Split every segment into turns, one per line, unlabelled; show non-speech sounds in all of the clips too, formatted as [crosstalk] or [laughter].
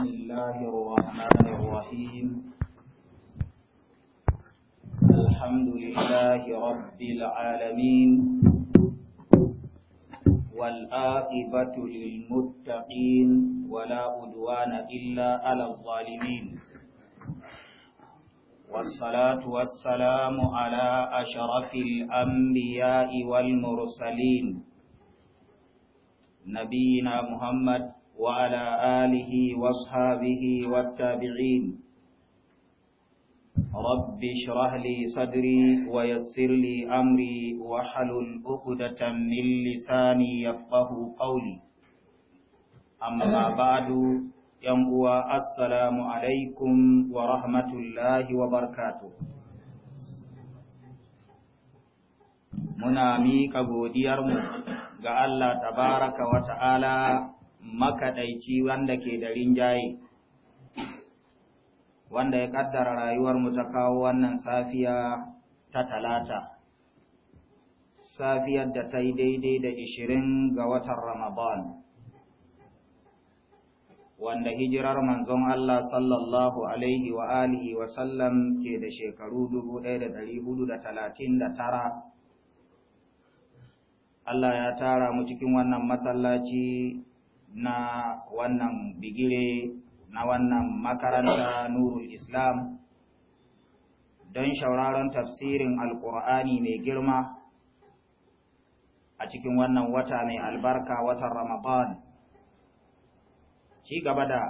بسم الله الرحمن الرحيم الحمد لله رب العالمين والآئبة للمتقين ولا أدوان إلا على الظالمين والصلاة والسلام على أشرف الأنبياء والمرسلين نبينا محمد وعلى آله واصحابه والتابعين رب اشرح لي صدري ويسر لي أمري وحلل عقدة من لساني يفقه قولي أما بعد ينقوى السلام عليكم ورحمة الله وبركاته muna miƙa godiyarmu ga Allah tabaraka wa ta'ala makaɗaici wanda ke da rinjaye wanda ya ƙaddara rayuwarmu ta kawo wannan safiya ta talata safiyar da ta yi daidai da ishirin ga watan ramadan wanda hijirar manzon Allah sallallahu alaihi wa alihi wa sallam ke da shekaru 1439 Allah ya tara mu cikin wannan masallaci na wannan bigire na wannan makaranta nurul islam don shauraron tafsirin alkur'ani mai girma a cikin wannan wata mai albarka watan ramadan ci gaba da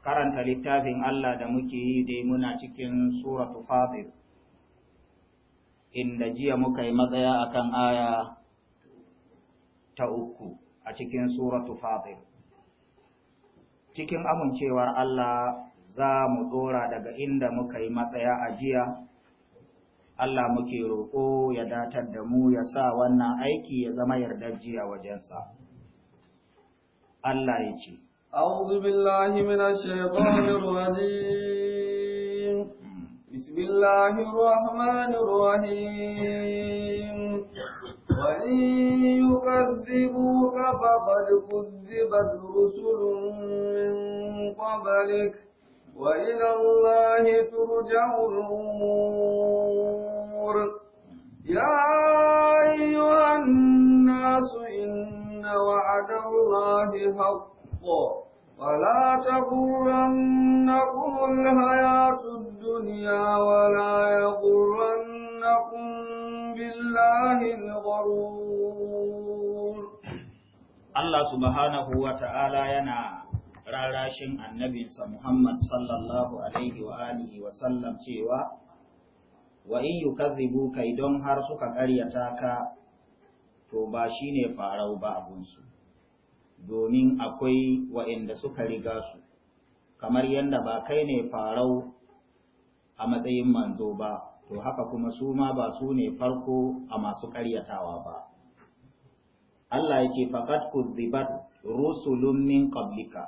karanta littafin allah da muke yi dai muna cikin suratu fatir inda jiya muka yi matsaya akan aya ta uku a cikin suratu fatir cikin amincewar Allah za mu dora daga inda muka yi matsaya a jiya Allah muke roƙo ya datar da mu ya sa wannan aiki ya zama yardar jiya wajensa Allah ya ce
أعوذ بالله من الشيطان الرجيم بسم الله الرحمن الرحيم وإن يكذبوك فقد كذبت رسل من قبلك وإلى الله ترجع الأمور يا أيها الناس إن وعد الله حق فلا تغرنكم الحياة الدنيا ولا يغرنكم بالله الغرور
الله سبحانه وتعالى ينا rarashin annabinsa Muhammad sallallahu alaihi wa alihi wa sallam cewa wa in yukazzibu kai don har suka ƙaryata ka to ba shine farau ba abunsu domin akwai wa'inda suka riga su kamar yadda ba kai ne farau a matsayin manzo ba to haka kuma su ma ba su ne farko a masu ƙaryatawa ba Allah yake faqad kudzibat rusulun min qablika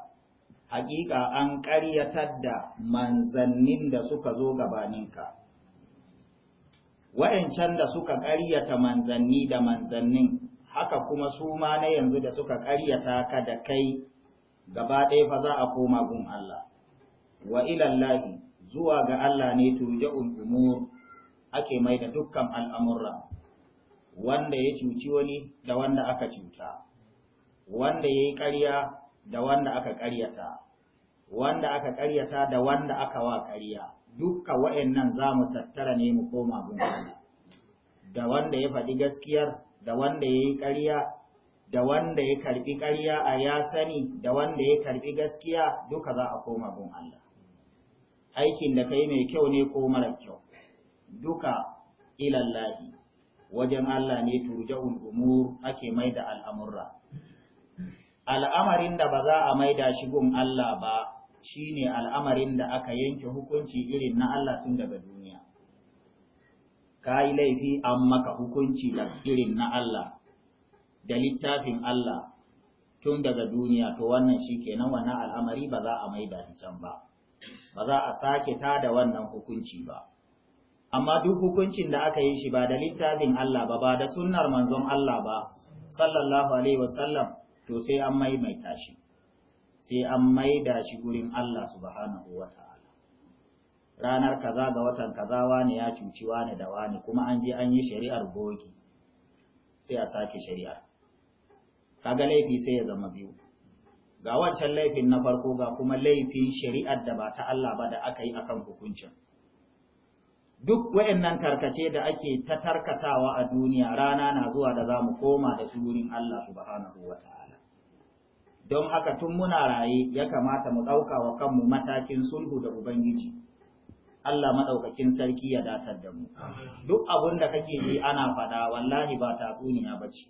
haƙiƙa an ƙaryatar da manzannin da suka zo gabaninka wayancan da suka ƙaryata manzanni da manzannin haka kuma su ma na yanzu da suka ƙaryata ka da kai gaba ɗaya fa za a koma gun Allah wa ilallahi zuwa ga Allah ne turja'ul umur ake mai da dukkan al'amurra, wanda ya cuci wani da wanda aka cuta, wanda ya yi ƙarya da wanda aka ƙaryata, wanda aka ƙaryata da wanda aka wa ƙarya, dukka waɗannan za mu tattara ne mu koma gungana, da wanda ya faɗi gaskiyar, da wanda ya yi ƙarya, da wanda ya karɓi ƙarya a ya sani, da wanda ya karɓi gaskiya duka za a koma gun Allah. Aikin da kai mai kyau ne ko mara kyau. duka ilallahi wajen Allah ne turja'un umur ake maida al'amurra al'amarin da ba za a maida shi gun Allah ba shi ne al'amarin da aka yanke hukunci irin na Allah tun daga duniya ka yi laifi an maka hukunci da irin na Allah da littafin Allah tun daga duniya to wannan shi kenan wannan al'amari ba za a maida can ba ba za a sake ta da wannan hukunci ba amma duk hukuncin da aka yi shi ba da littafin Allah ba ba da sunnar manzon Allah ba sallallahu alaihi wasallam to sai an maimaita shi sai an maida shi gurin Allah subhanahu wa ta'ala ranar kaza ga watan kaza wani ya cuci wani da wani kuma an je an yi shari'ar bogi sai a sake shari'ar kaga laifi sai ya zama biyu ga wancan laifin na farko ga kuma laifin shari'ar da ba ta Allah ba da aka yi akan hukuncin duk wayannan tarkace da ake ta tarkatawa a duniya rana na zuwa da za mu koma da su wurin Allah subhanahu ta'ala. don haka tun muna raye ya kamata mu ɗauka wa kanmu matakin sulhu da ubangiji Allah maɗaukakin sarki ya datar da mu duk abin da kake ji ana faɗa wallahi ba tatsuniya ba ce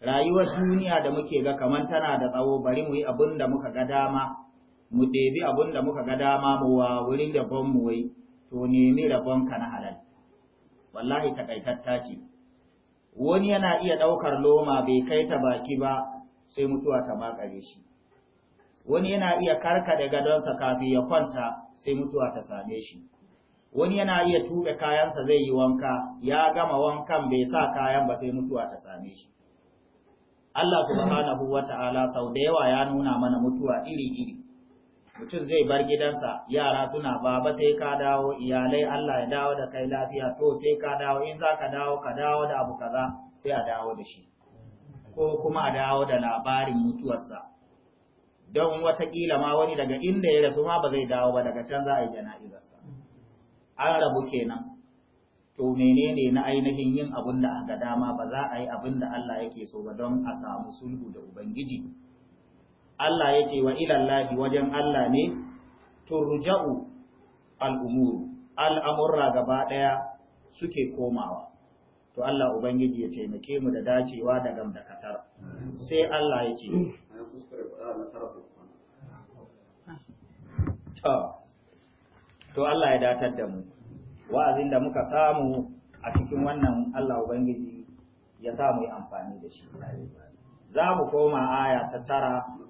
rayuwar duniya da muke ga kamar tana da tsawo bari mu yi abin da muka ga dama mu ɗebi abin da muka ga dama mu wa wurin da ban mu wai to nemi rabonka na halal wallahi takaitatta ce wani yana iya ɗaukar loma bai kai ta baki ba sai mutuwa ta makare shi wani yana iya karkade gadonsa kafin ya kwanta sai mutuwa ta same shi wani yana iya tuɓe kayansa zai yi wanka ya gama wankan bai sa kayan ba sai mutuwa ta same shi Allah subhanahu wa sau da yawa ya nuna mana mutuwa iri-iri mutum zai bar gidansa yara suna baba sai ka dawo iyalai Allah ya dawo da kai lafiya to sai ka dawo in za ka dawo ka dawo da abu kaza sai a dawo da shi ko kuma a dawo da labarin mutuwarsa don watakila ma wani daga inda ya rasu ma ba zai dawo ba daga can za a yi jana'izarsa an rabu kenan to menene na ainihin yin abin da aka dama ba za a yi abin da Allah yake so ba don a samu sulhu da ubangiji Allah ya ce wa ilallahi wajen Allah ne turja'u al'umuru al'amurra gaba ɗaya suke komawa to Allah Ubangiji ya taimake mu da dacewa daga gamdakatar sai Allah ya ce to Allah ya datar da mu wa'azin da muka samu a cikin wannan Allah Ubangiji ya sa mu yi amfani da shi za mu koma aya ta tara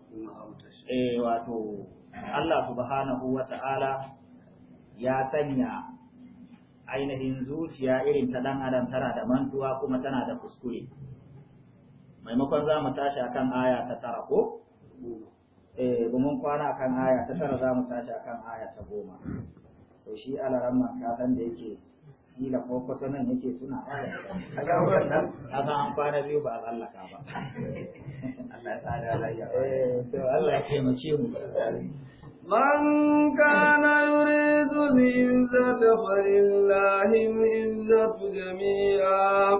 eh wato Allah subhanahu wa ta'ala ya sanya ainihin zuciya irin ta ɗan adam tana da mantuwa kuma tana da kuskure maimakon za mu tashi akan aya ta tara ko eh mun kwana akan aya ta tara za mu tashi akan aya ta goma to shi alaran man ka san da yake kila ko kwato nan yake suna
a [laughs] ga wannan
a ga an fara biyu ba a tsallaka ba [laughs] Allah ya sa da lafiya [laughs] eh to Allah ya taimake mu
من كان يريد العزة فلله العزة جميعا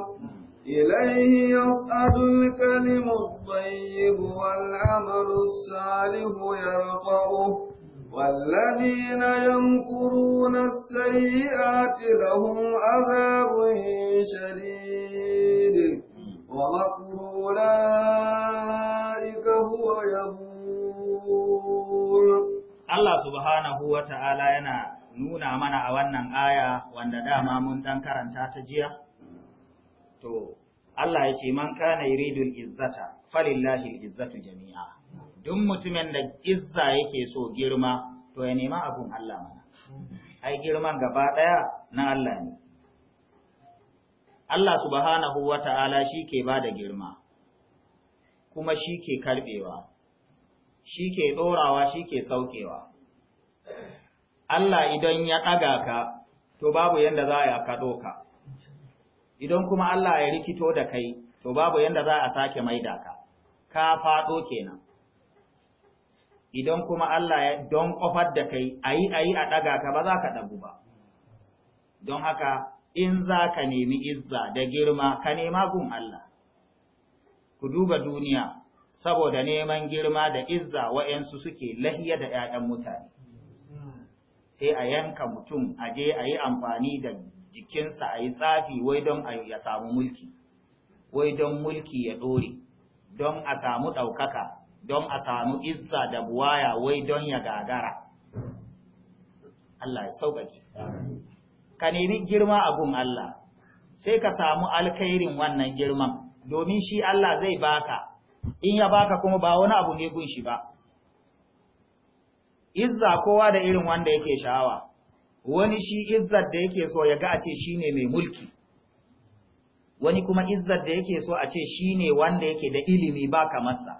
إليه يصعد الكلم الطيب والعمل والذين يمكرون السيئات لهم عذاب شديد ومكر أولئك هو يبور
الله سبحانه وتعالى ينا nuna mana a wannan aya wanda dama mun dan karanta ta jiya to Allah ya ce man kana yuridul izzata falillahi izzatu jami'a duk mutumin da izza yake so girma to ya nema abun Allah mana ai girman gaba daya na Allah ne Allah subhanahu wata'ala shi ke ba da girma kuma shi ke karbewa shi ke ɗorawa shi ke saukewa Allah idan ya ɗaga ka to babu yanda za a kaɗo ka idan kuma Allah ya rikito da kai to babu yanda za a sake maida ka ka faɗo kenan idan kuma Allah ya don kofar da kai ayi ayi a ɗaga ka ba za ka ɗagu ba don haka in za ka nemi izza da girma ka nema gun Allah ku duba duniya saboda neman girma da izza wa'yansu suke lahiya da 'ya'yan mutane sai a yanka mutum a je a yi amfani da jikinsa a yi tsafi wai don ya samu mulki, wai don mulki ya ɗore, don a samu ɗaukaka, don a samu izza da buwaya wai don ya gagara Allah ya sauƙaƙi. ka nemi girma a gun Allah sai ka samu alkhairin wannan girman domin shi Allah zai baka in ya baka kuma ba wani abu ne gun shi ba izza kowa da irin wanda yake sha'awa wani shi izzar da yake so ya ga a ce shi ne mai mulki wani kuma izzar da yake so a ce shi ne wanda yake da ilimi ba kamarsa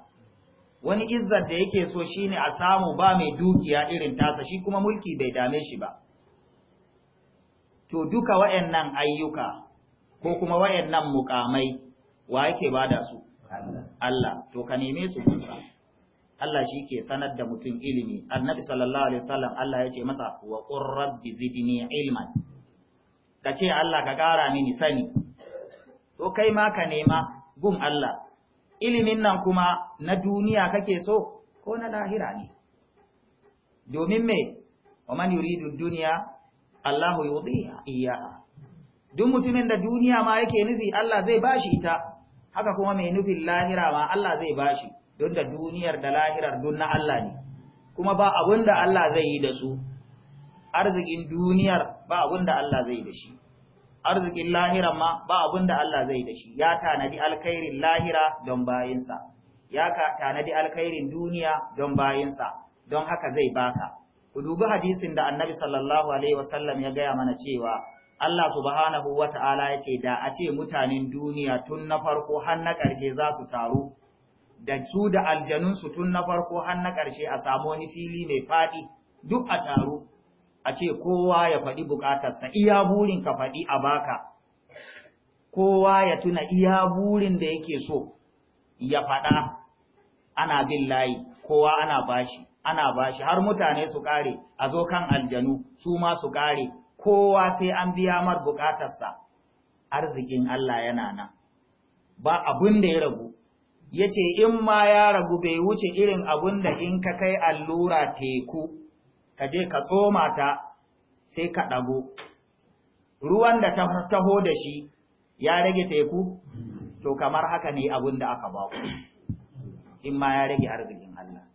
wani izzar da yake so shine a samu ba mai dukiya irin tasa shi kuma mulki bai dame shi ba to duka nan ayyuka ko kuma nan mukamai wa yake bada su Allah to ka neme su kusa Allah shi ke sanar da mutum ilimi annabi sallallahu alaihi wasallam Allah ya ce masa wa qur rabbi zidni ilman kace Allah ka kara mini sani to kai ma ka nema gun Allah ilimin nan kuma na duniya kake so ko na lahira ne domin me wa man yuridu dunya Allahu yudhiha iyaha duk mutumin da duniya ma yake nufi Allah zai bashi ita haka kuma mai nufin lahira ma Allah zai bashi don da duniyar da lahirar duk na Allah ne kuma ba abun da Allah zai yi da su arzikin duniyar ba abun da Allah zai yi da shi arzikin lahira ma ba abin da Allah zai da shi ya tanadi alkhairin lahira don bayinsa ya tanadi alkhairin duniya don bayinsa don haka zai baka ku dubi hadisin da annabi sallallahu alaihi wasallam ya gaya mana cewa Allah subhanahu wa ta'ala ya ce da a ce mutanen duniya tun na farko har na ƙarshe za su taru da su da aljanunsu tun na farko har na ƙarshe a samu wani fili mai faɗi duk a taru a ce kowa ya faɗi bukatarsa iya burin ka faɗi a baka kowa ya tuna iya burin da yake so ya faɗa ana bin layi kowa ana bashi ana bashi har mutane su ƙare a zo kan aljanu su ma su ƙare. kowa sai an biya mar bukatarsa arzikin Allah yana nan ba abin da ya ragu yace in ma ya ragu bai wuce irin abin da in ka kai allura teku ka je ka tsoma ta sai ka ɗago ruwan da ta taho da shi ya rage teku to kamar haka ne abin da aka ba ku in ma ya rage arzikin Allah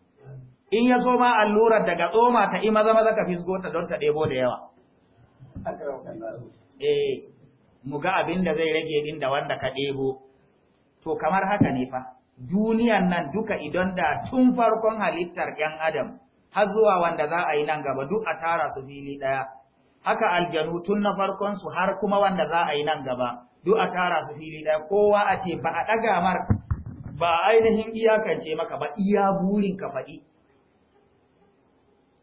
in ya zo ma allurar daga tsoma ta ima zama zaka fisgo ta don ta ɗebo da yawa eh mu ga abin da zai rage din da wanda ka ɗebo to kamar haka ne fa duniyan nan duka idan da tun farkon halittar ƴan adam har zuwa wanda za a yi nan gaba duk a tara su fili ɗaya haka aljanu tun na farkon su har kuma wanda za a yi nan gaba duk a tara su fili ɗaya kowa a ce ba a ɗaga mar ba ainihin iyakance maka ba iya burin ka faɗi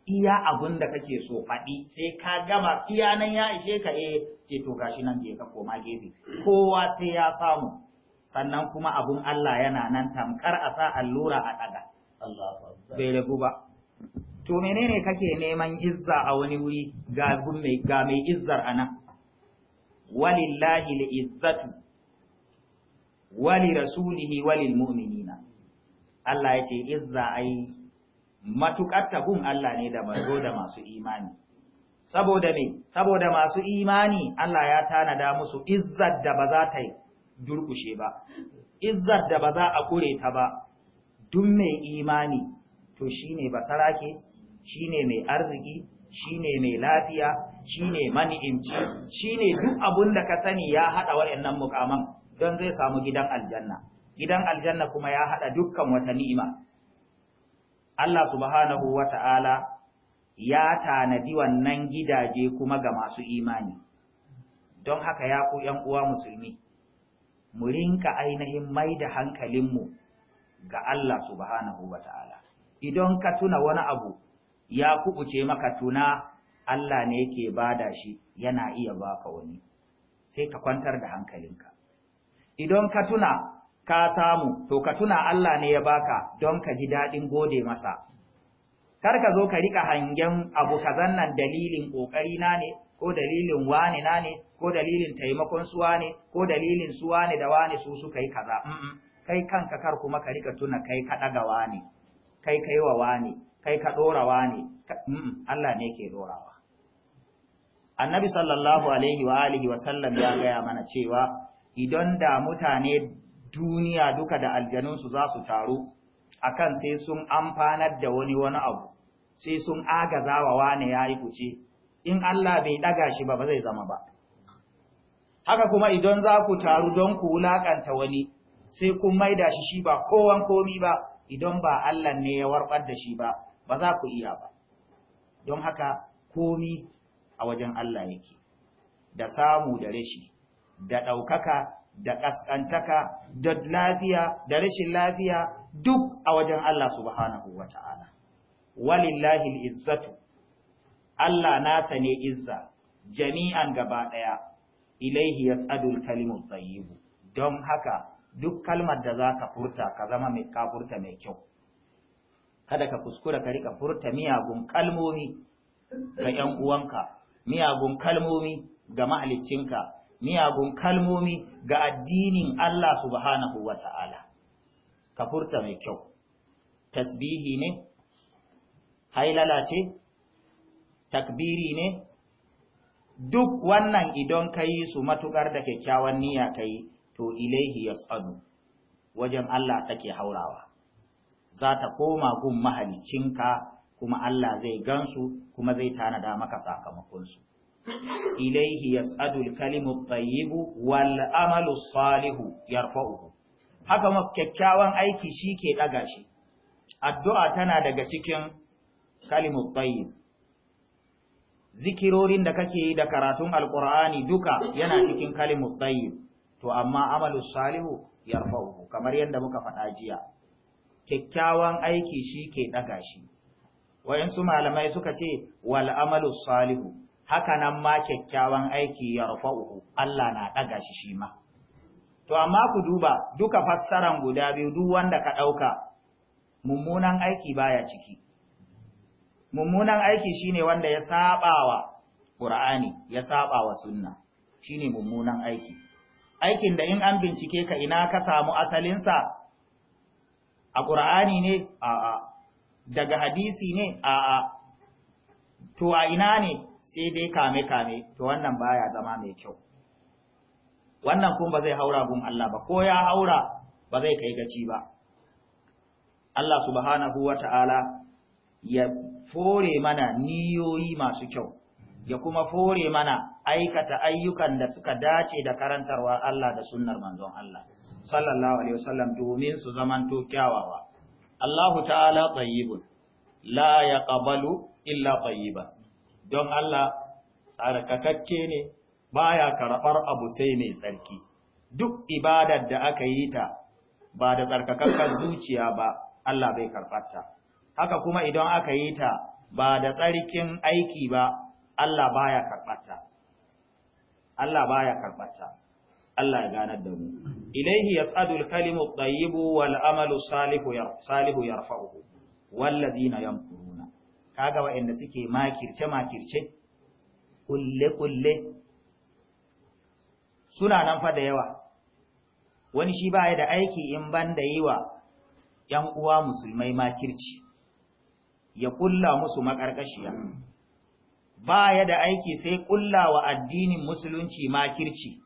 iya abun da kake so faɗi sai ka gama iya nan ya ishe ka eh ce to gashi nan ke, ka koma gefe kowa sai ya samu sannan kuma abun Allah yana nan tamkar a sa allura
a ɗaga bai ragu
ba to menene kake neman izza a wani wuri ga mai ga mai izzar ana walillahi izzatu wali rasulihi walil mu'minina Allah yace izza ai matukar gun Allah ne da manzo da masu imani saboda me saboda masu imani Allah ya tanada musu izzar da ba za ta durkushe ba izzar da ba za a kure ta ba duk mai imani to shine ke shine mai arziki shine mai lafiya shine mani'imci shine duk abun da ka sani ya hada wa'annan mukaman don zai samu gidan aljanna gidan aljanna kuma ya hada dukkan wata ni'ima Allah subhanahu wata'ala ya tanadi wannan gidaje kuma ga masu imani don haka ya ku ‘yan uwa musulmi, mu rinka ainihin mai da hankalinmu ga Allah subhanahu wa ta'ala. Idan ka tuna wani abu ya kubuce maka tuna Allah ne yake bada shi yana iya baka wani sai ka kwantar da hankalinka idan ka tuna ka samu to ka tuna Allah ne ya baka don ka ji dadin gode masa kar ka zo ka rika hangen abu kazan nan dalilin kokari na ne ko dalilin wani na ne ko dalilin taimakon suwa ne ko dalilin suwa ne da wani su suka yi kaza kai kanka kar kuma ka rika tuna kai ka daga wani kai kai wani kai ka ɗorawa ne Allah ne ke ɗorawa annabi sallallahu alaihi wa alihi wa sallam ya gaya mana cewa idan da mutane duniya duka da aljanunsu za su taru akan sai sun amfanar da wani wani abu sai sun agaza wa wane ya yi kuce in Allah bai ɗaga shi ba ba zai zama ba haka kuma idan za ku taru don ku wulaƙanta wani sai kun maida shi shi ba kowan komi ba idan ba Allah ne ya warɓar da shi ba ba za ku iya ba don haka komi a wajen Allah yake da samu da rashi da ɗaukaka da ƙasƙantaka da lafiya da rashin lafiya duk a wajen Allah subhanahu wa ta'ala. Walillahi izzatu, Allah nasa ne izza, jami'an gaba ɗaya, ilaihi ya tsadul kalimun don haka duk kalmar da za ka furta ka zama mai kafurta mai kyau. kada ka kuskura ka rika furta miyagun kalmomi ga ‘yan uwanka, miyagun kalmomi ga mahaliccinka, miyagun kalmomi ga addinin Allah subhanahu wa ta'ala, ka furta mai kyau, tasbihi ne, hailala ce, takbiri ne, duk wannan idan ka yi su matuƙar da kyakkyawan niyya ka yi, to ilaihi yas'adu wajen Allah take haurawa. za ta koma gun mahalicinka kuma Allah zai gansu kuma zai tanada maka sakamakonsu. Ilaihi yas'adul kalimu tayyibu wal amalu salihu yarfa'uhu. Haka ma kyakkyawan aiki shi ke ɗaga shi. Addu'a tana daga cikin kalimu tayyib. Zikirorin da kake yi da karatun Alƙur'ani duka yana cikin kalimu tayyib. To amma amalu salihu yarfa'uhu kamar yadda muka faɗa jiya. kyakkyawan aiki shi ke ɗaga shi wayansu malamai suka ce wal salihu haka nan ma kyakkyawan aiki ya uku. Allah na ɗaga shi shi ma to amma ku duba duka fassaran guda biyu duk wanda ka ɗauka mummunan aiki baya ciki mummunan aiki shine wanda ya sabawa Qur'ani ya sabawa sunna shine mummunan aiki aikin da in an bincike ka ina ka samu asalinsa a ƙura'ani ne a'a daga hadisi ne a'a to a ina ne sai dai kame-kame to wannan baya zama mai kyau wannan kuma ba zai haura gun Allah ba ko ya haura ba zai kai gaci ba Allah subhanahu wa ta'ala ya fore mana niyoyi masu kyau ya kuma fore mana aikata ayyukan da suka dace da karantarwar Allah da sunnar manzon Allah sallallahu alaihi wasallam domin su zamanto kyawawa Allahu ta'ala tayyibun la yaqbalu illa tayyiban don Allah tsarkakakke ne baya karɓar abu sai mai tsarki duk ibadar da aka yi ta ba da tsarkakakkar zuciya ba Allah bai karɓarta haka kuma idan aka yi ta ba da tsarkin aiki ba Allah baya karɓarta Allah baya karɓarta Allah ya ganar da mu ilaihi yas'adu al-kalimu at-tayyibu wal amalu salihu salihu yarfa'uhu walladhina yamkuruna kaga inda suke makirce makirce kulle kulle suna nan fa da yawa wani shi ya da aiki in ban da yi wa ‘yan uwa musulmai makirci, ya kulla musu maƙarƙashiya, ba ya da aiki sai kulla wa addinin musulunci makirci,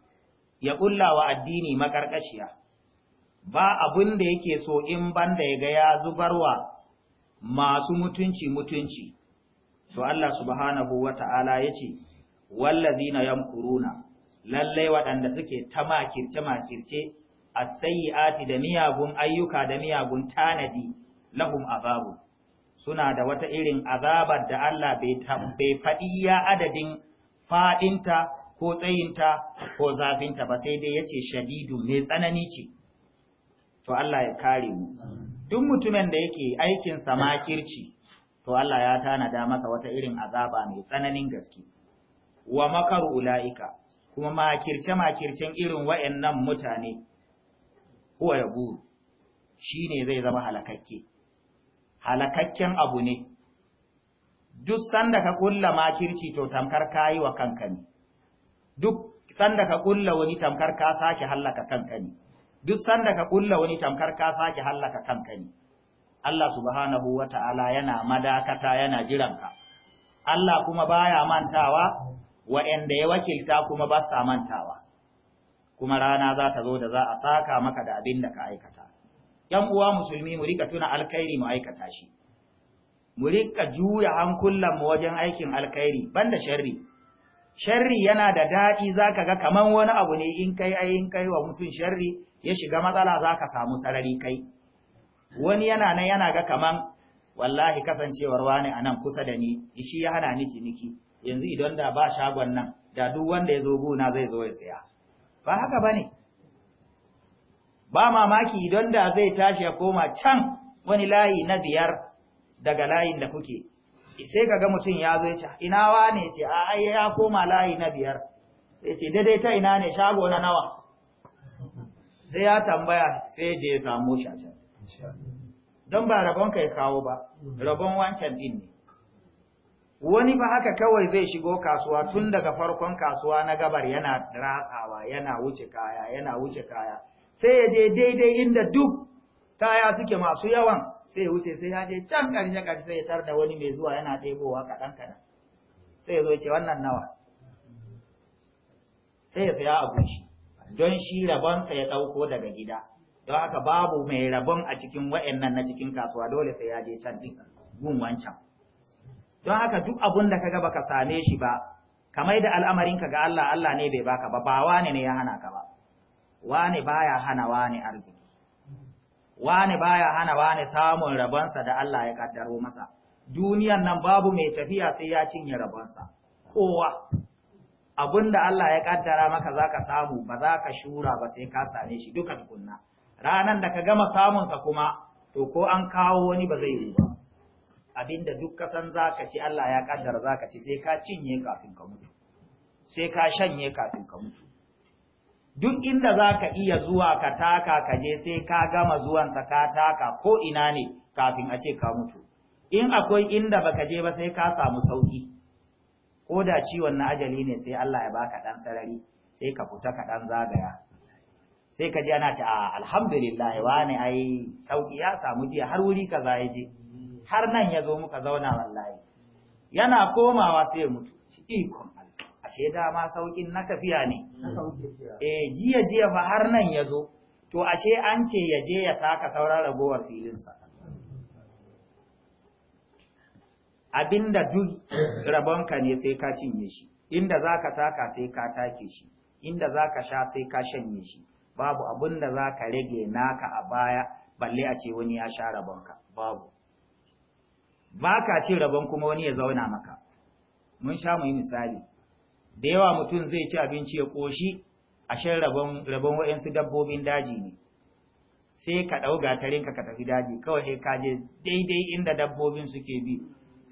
ya ƙulla wa addini maƙarƙashiya, ba abin da yake so in banda ya ga ya zubarwa masu mutunci mutunci, to Allah subhanahu wa ta'ala ya ce, wallazi na yamkuruna, lallai waɗanda suke ta makirce-makirce a ati da miyagun ayyuka da miyagun tanadi lahum azabu. Suna da wata irin azabar da Allah bai faɗi ya adadin faɗinta ko tsayinta ko zafinta ba sai dai yace shadidu mai tsanani ce to Allah ya kare mu duk mutumin da yake aikin makirci to Allah ya tanada masa wata irin azaba mai tsananin gaske wa makaru ula'ika kuma makirce-makircen irin wa'yannan mutane huwa ya buru shi ne zai zama halakakke halakakken abu ne duk sanda ka kulla makirci to tamkar kayi wa kankani. ne duk sanda ka kulla wani tamkar ka sake hallaka kanka ne duk sanda ka kulla wani tamkar ka sake hallaka kanka ne Allah subhanahu wata'ala yana madakata yana jiranka Allah kuma baya mantawa waɗanda ya wakilta kuma ba sa mantawa kuma rana za ta zo da za a saka maka da abin da ka aikata ‘yan uwa musulmi mu rika tuna alkhairi mu aikata shi, mu rika juya hankulanmu wajen aikin alkhairi banda sharri, sharri yana da daɗi zaka ga kaman wani abu ne in kai ai in kai wa mutum sharri ya shiga matsala zaka samu sarari kai wani yana nan yana ga kaman wallahi kasancewar wani nan kusa da ni shi ya hana ni ciniki yanzu idan da ba shagon nan da duk wanda ya zo gona zai zo ya saya ba haka bane ba mamaki idan da zai tashi ya koma can wani layi na biyar daga layin da kuke sai kaga mutum ya zo ya ina wa ne a ai ya koma layi na biyar sai ce daidai ta ina ne shago na nawa sai ya tambaya sai je ya samu shi don ba rabon kai kawo ba rabon wancan din ne wani ba haka kawai zai shigo kasuwa tun daga farkon kasuwa na gabar yana ratsawa yana wuce kaya yana wuce kaya sai ya je daidai inda duk kaya suke masu yawan sai wuce sai ya je can ƙarshe ƙarshe ya tar da wani mai zuwa yana ɗebowa kaɗan kaɗan sai ya zo ce wannan nawa sai ya saya a gunshi, don shi rabonsa ya ɗauko daga gida don haka babu mai rabon a cikin wa'annan na cikin kasuwa dole sai ya je can ɗin gun wancan don haka duk abun da kaga baka same shi ba kamar da al'amarin ka ga Allah Allah ne bai baka ba ba wane ne ya hana ka ba wane baya hana wane arziki wani baya hana wani samun rabonsa da Allah ya kaddaro masa duniyan nan babu mai tafiya sai ya cinye rabonsa kowa abinda Allah ya kaddara maka zaka samu ba za ka shura ba sai ka same shi duka tukunna ranan da ka gama samunsa kuma to ko an kawo wani ba zai yi ba abinda duk ka san zaka ci Allah ya kaddara zaka ci sai ka cinye kafin ka mutu sai ka shanye kafin ka mutu duk inda za ka iya zuwa ka taka ka je sai ka gama zuwansa ka taka ko ina ne kafin a ce ka mutu in akwai inda baka je ba sai ka samu sauki ko da ciwon na ajali ne sai Allah ya baka dan sarari sai ka fita ka dan zagaya sai ka ji ana ce a ah, alhamdulillah wani ai sauki ya samu jiya har wuri kaza ya je har nan ya zo muka zauna wallahi yana komawa sai ya mutu ikon ashe dama saukin na tafiya ne eh jiya jiya fa har nan ya zo to ashe an ce ya je ya taka sauran ragowar filinsa abinda duk rabonka ne sai ka cinye shi inda za ka taka sai ka take shi inda za sha sai ka shanye shi babu abinda za rage naka a baya balle a ce wani ya sha rabonka babu ba ka ce rabon kuma wani ya zauna maka mun sha mu yi misali da yawa mutum zai ci abinci ya ƙoshi a shan rabon wa'yansu dabbobin daji ne sai ka ɗau gatarinka ka tafi daji kawai sai ka je daidai inda dabbobin suke bi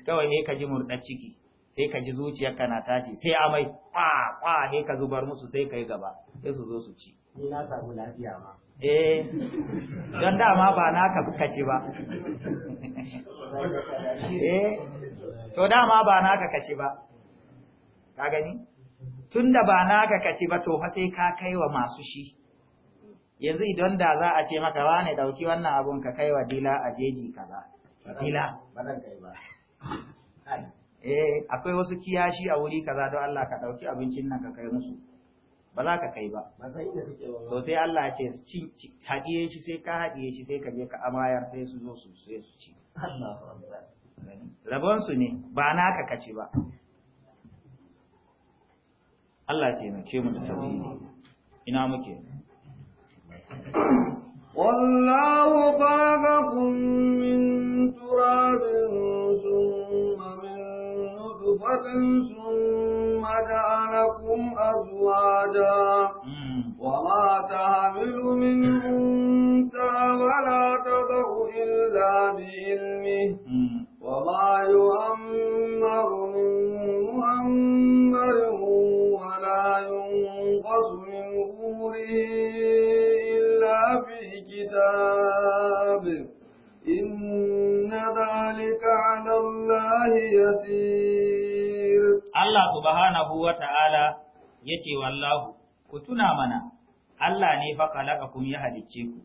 kawai sai ka ji murɗar ciki sai ka ji ka na tashi sai amai kwa kwa sai ka zubar musu sai ka yi gaba sai su zo su ci ni na samu lafiya ma eh don dama ba naka ka ci ba eh to dama ba naka ka ba ka gani tunda ba naka kace ba to fa sai ka kai wa masu shi yanzu idan da za a ce maka wane dauki wannan abun ka kai wa dila a jeji kaza dila ba zan kai ba [laughs] eh akwai wasu kiyashi a wuri kaza don Allah ka dauki abincin nan ka kai musu ba za ka kai ba to sai Allah ce hadiye shi sai ka haɗiye shi sai ka je ka amayar sai su zo su sai su ci rabon su ne ba naka kace ba Allah taimake mu da tauhidi ina muke
wallahu khalaqakum min turabin thumma min nutfatin thumma ja'alakum azwaja وما تحمل من أنثى ولا تضع إلا بعلمه وما يؤمر من مؤمر لا ينقص من غوره إلا في كتاب إن ذلك على الله يسير
الله سبحانه وتعالى يتي والله كتنا منا Allah ne fa kalaka kum ya halicce ku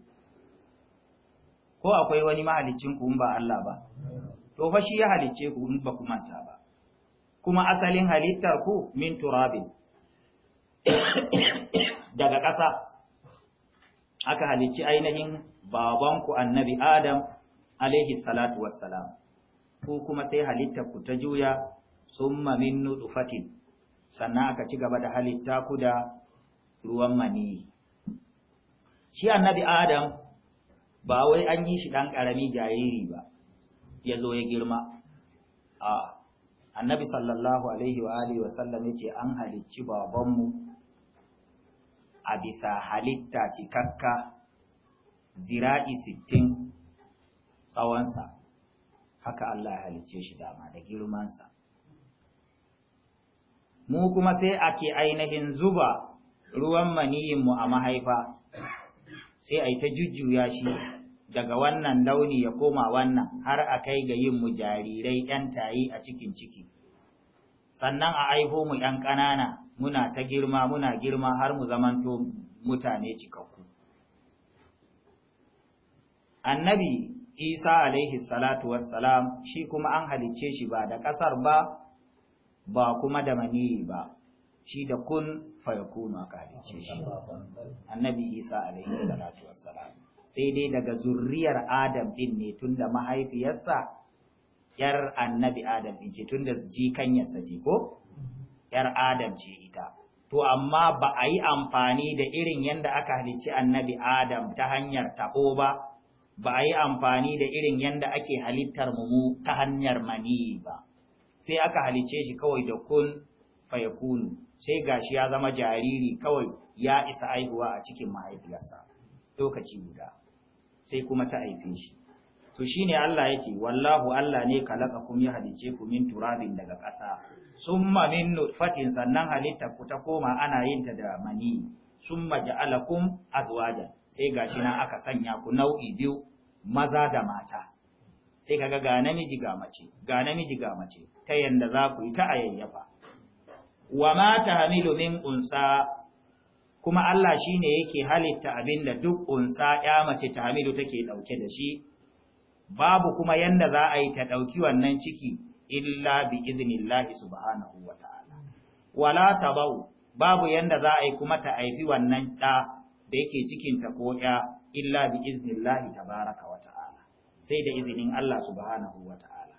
ko akwai wani mahalicin ku in ba Allah ba to fa shi ya halicce ku in ba ku manta ba kuma asalin halittar ku min turabin daga ƙasa aka halicci ainihin babanku annabi Adam alaihi salatu wassalam ku kuma sai halitta ku ta juya summa min nutfatin sannan aka ci gaba da halitta ku da ruwan mani shi annabi Adam ba wai an yi shi dan karami jariri ba ya zo ya girma a annabi sallallahu alaihi wa alihi wa sallam yace an halicci babanmu a bisa halitta cikakka zira'i sittin tsawonsa haka Allah ya halicce shi dama da girmansa mu kuma sai ake ainihin zuba ruwan mu a mahaifa sai a yi ta jujjuya shi daga wannan launi ya koma wannan har a kai ga yin mu jarirai 'yan tayi a cikin ciki sannan a aiho mu 'yan ƙanana muna ta girma muna girma har mu zamanto mutane cikakku annabi isa alaihi salatu wassalam shi kuma an halicce shi ba da ƙasar ba ba kuma da maniyi ba shi da kun fayakunu aka halicce shi annabi isa alaihi salatu wassalam sai dai daga zurriyar adam din ne tunda mahaifiyarsa yar annabi adam din ce tunda jikanyarsa ce ko ‘yar Adam ce ita, to amma ba a yi amfani da irin yadda aka halicci annabi Adam ta hanyar taɓo ba, ba a yi amfani da irin yadda ake halittar mu ta hanyar mani ba, sai aka halicce shi kawai da kun fayakunu, sai gashi ya zama jariri kawai ya isa aihuwa a cikin mahaifiyarsa lokaci guda, sai kuma ta haife shi. To shi ne Allah yake, wallahu Allah ne ka kalaka kum ya halice ku min turabin daga ƙasa. summa min nutfatin sannan halitta ku ta koma ana yin ta da mani summa ja'alakum azwajan sai gashi nan aka sanya ku nau'i biyu maza da mata sai kaga ga namiji ga mace ga namiji ga mace ta yanda za ku yi ta ayayyafa wa ma hamilu min unsa kuma Allah shine yake halitta abinda duk unsa ya mace ta hamilu take dauke da shi babu kuma yanda za a yi ta dauki wannan ciki illa bi iznillahi subhanahu wa ta'ala wala tabau babu yanda za a yi kuma ta aifi wannan ɗa da yake cikin ta ko ya illa bi iznillahi tabaraka wa ta'ala sai da izinin Allah subhanahu wa ta'ala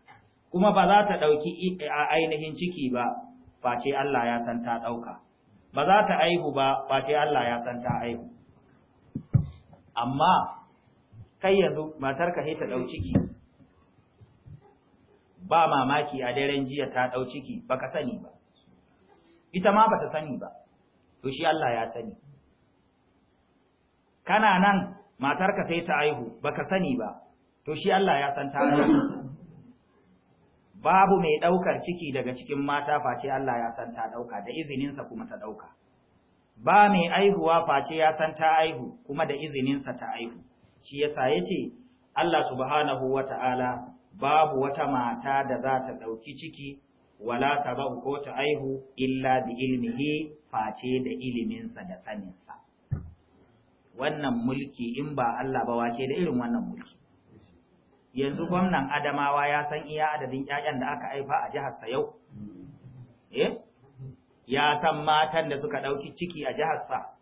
kuma ba za ta dauki ainihin ciki ba face Allah ya san ta dauka ba za ta aihu ba face Allah ya san ta aihu amma kai yanzu matarka sai ta dauki ciki ba mamaki a daren jiya ta ɗau ciki baka sani ba ita ma bata sani ba to shi Allah ya sani kana nan matarka sai ta aihu baka sani ba to shi Allah ya san ta aihu babu mai ɗaukar ciki daga cikin mata face Allah ya san ta ɗauka da izininsa kuma ta ɗauka ba mai aihuwa face ya san ta aihu kuma da izininsa ta aihu shi yasa yace Allah subhanahu ta’ala babu wata mata da za ta ɗauki ciki wala ta ba ko ta aihu illa bi ilmihi face da iliminsa da saninsa wannan mulki in ba Allah ba wace da irin wannan mulki yanzu gwamnan adamawa ya san iya adadin ƴaƴan da aka haifa a jiharsa yau eh? ya san matan da suka ɗauki ciki a jiharsa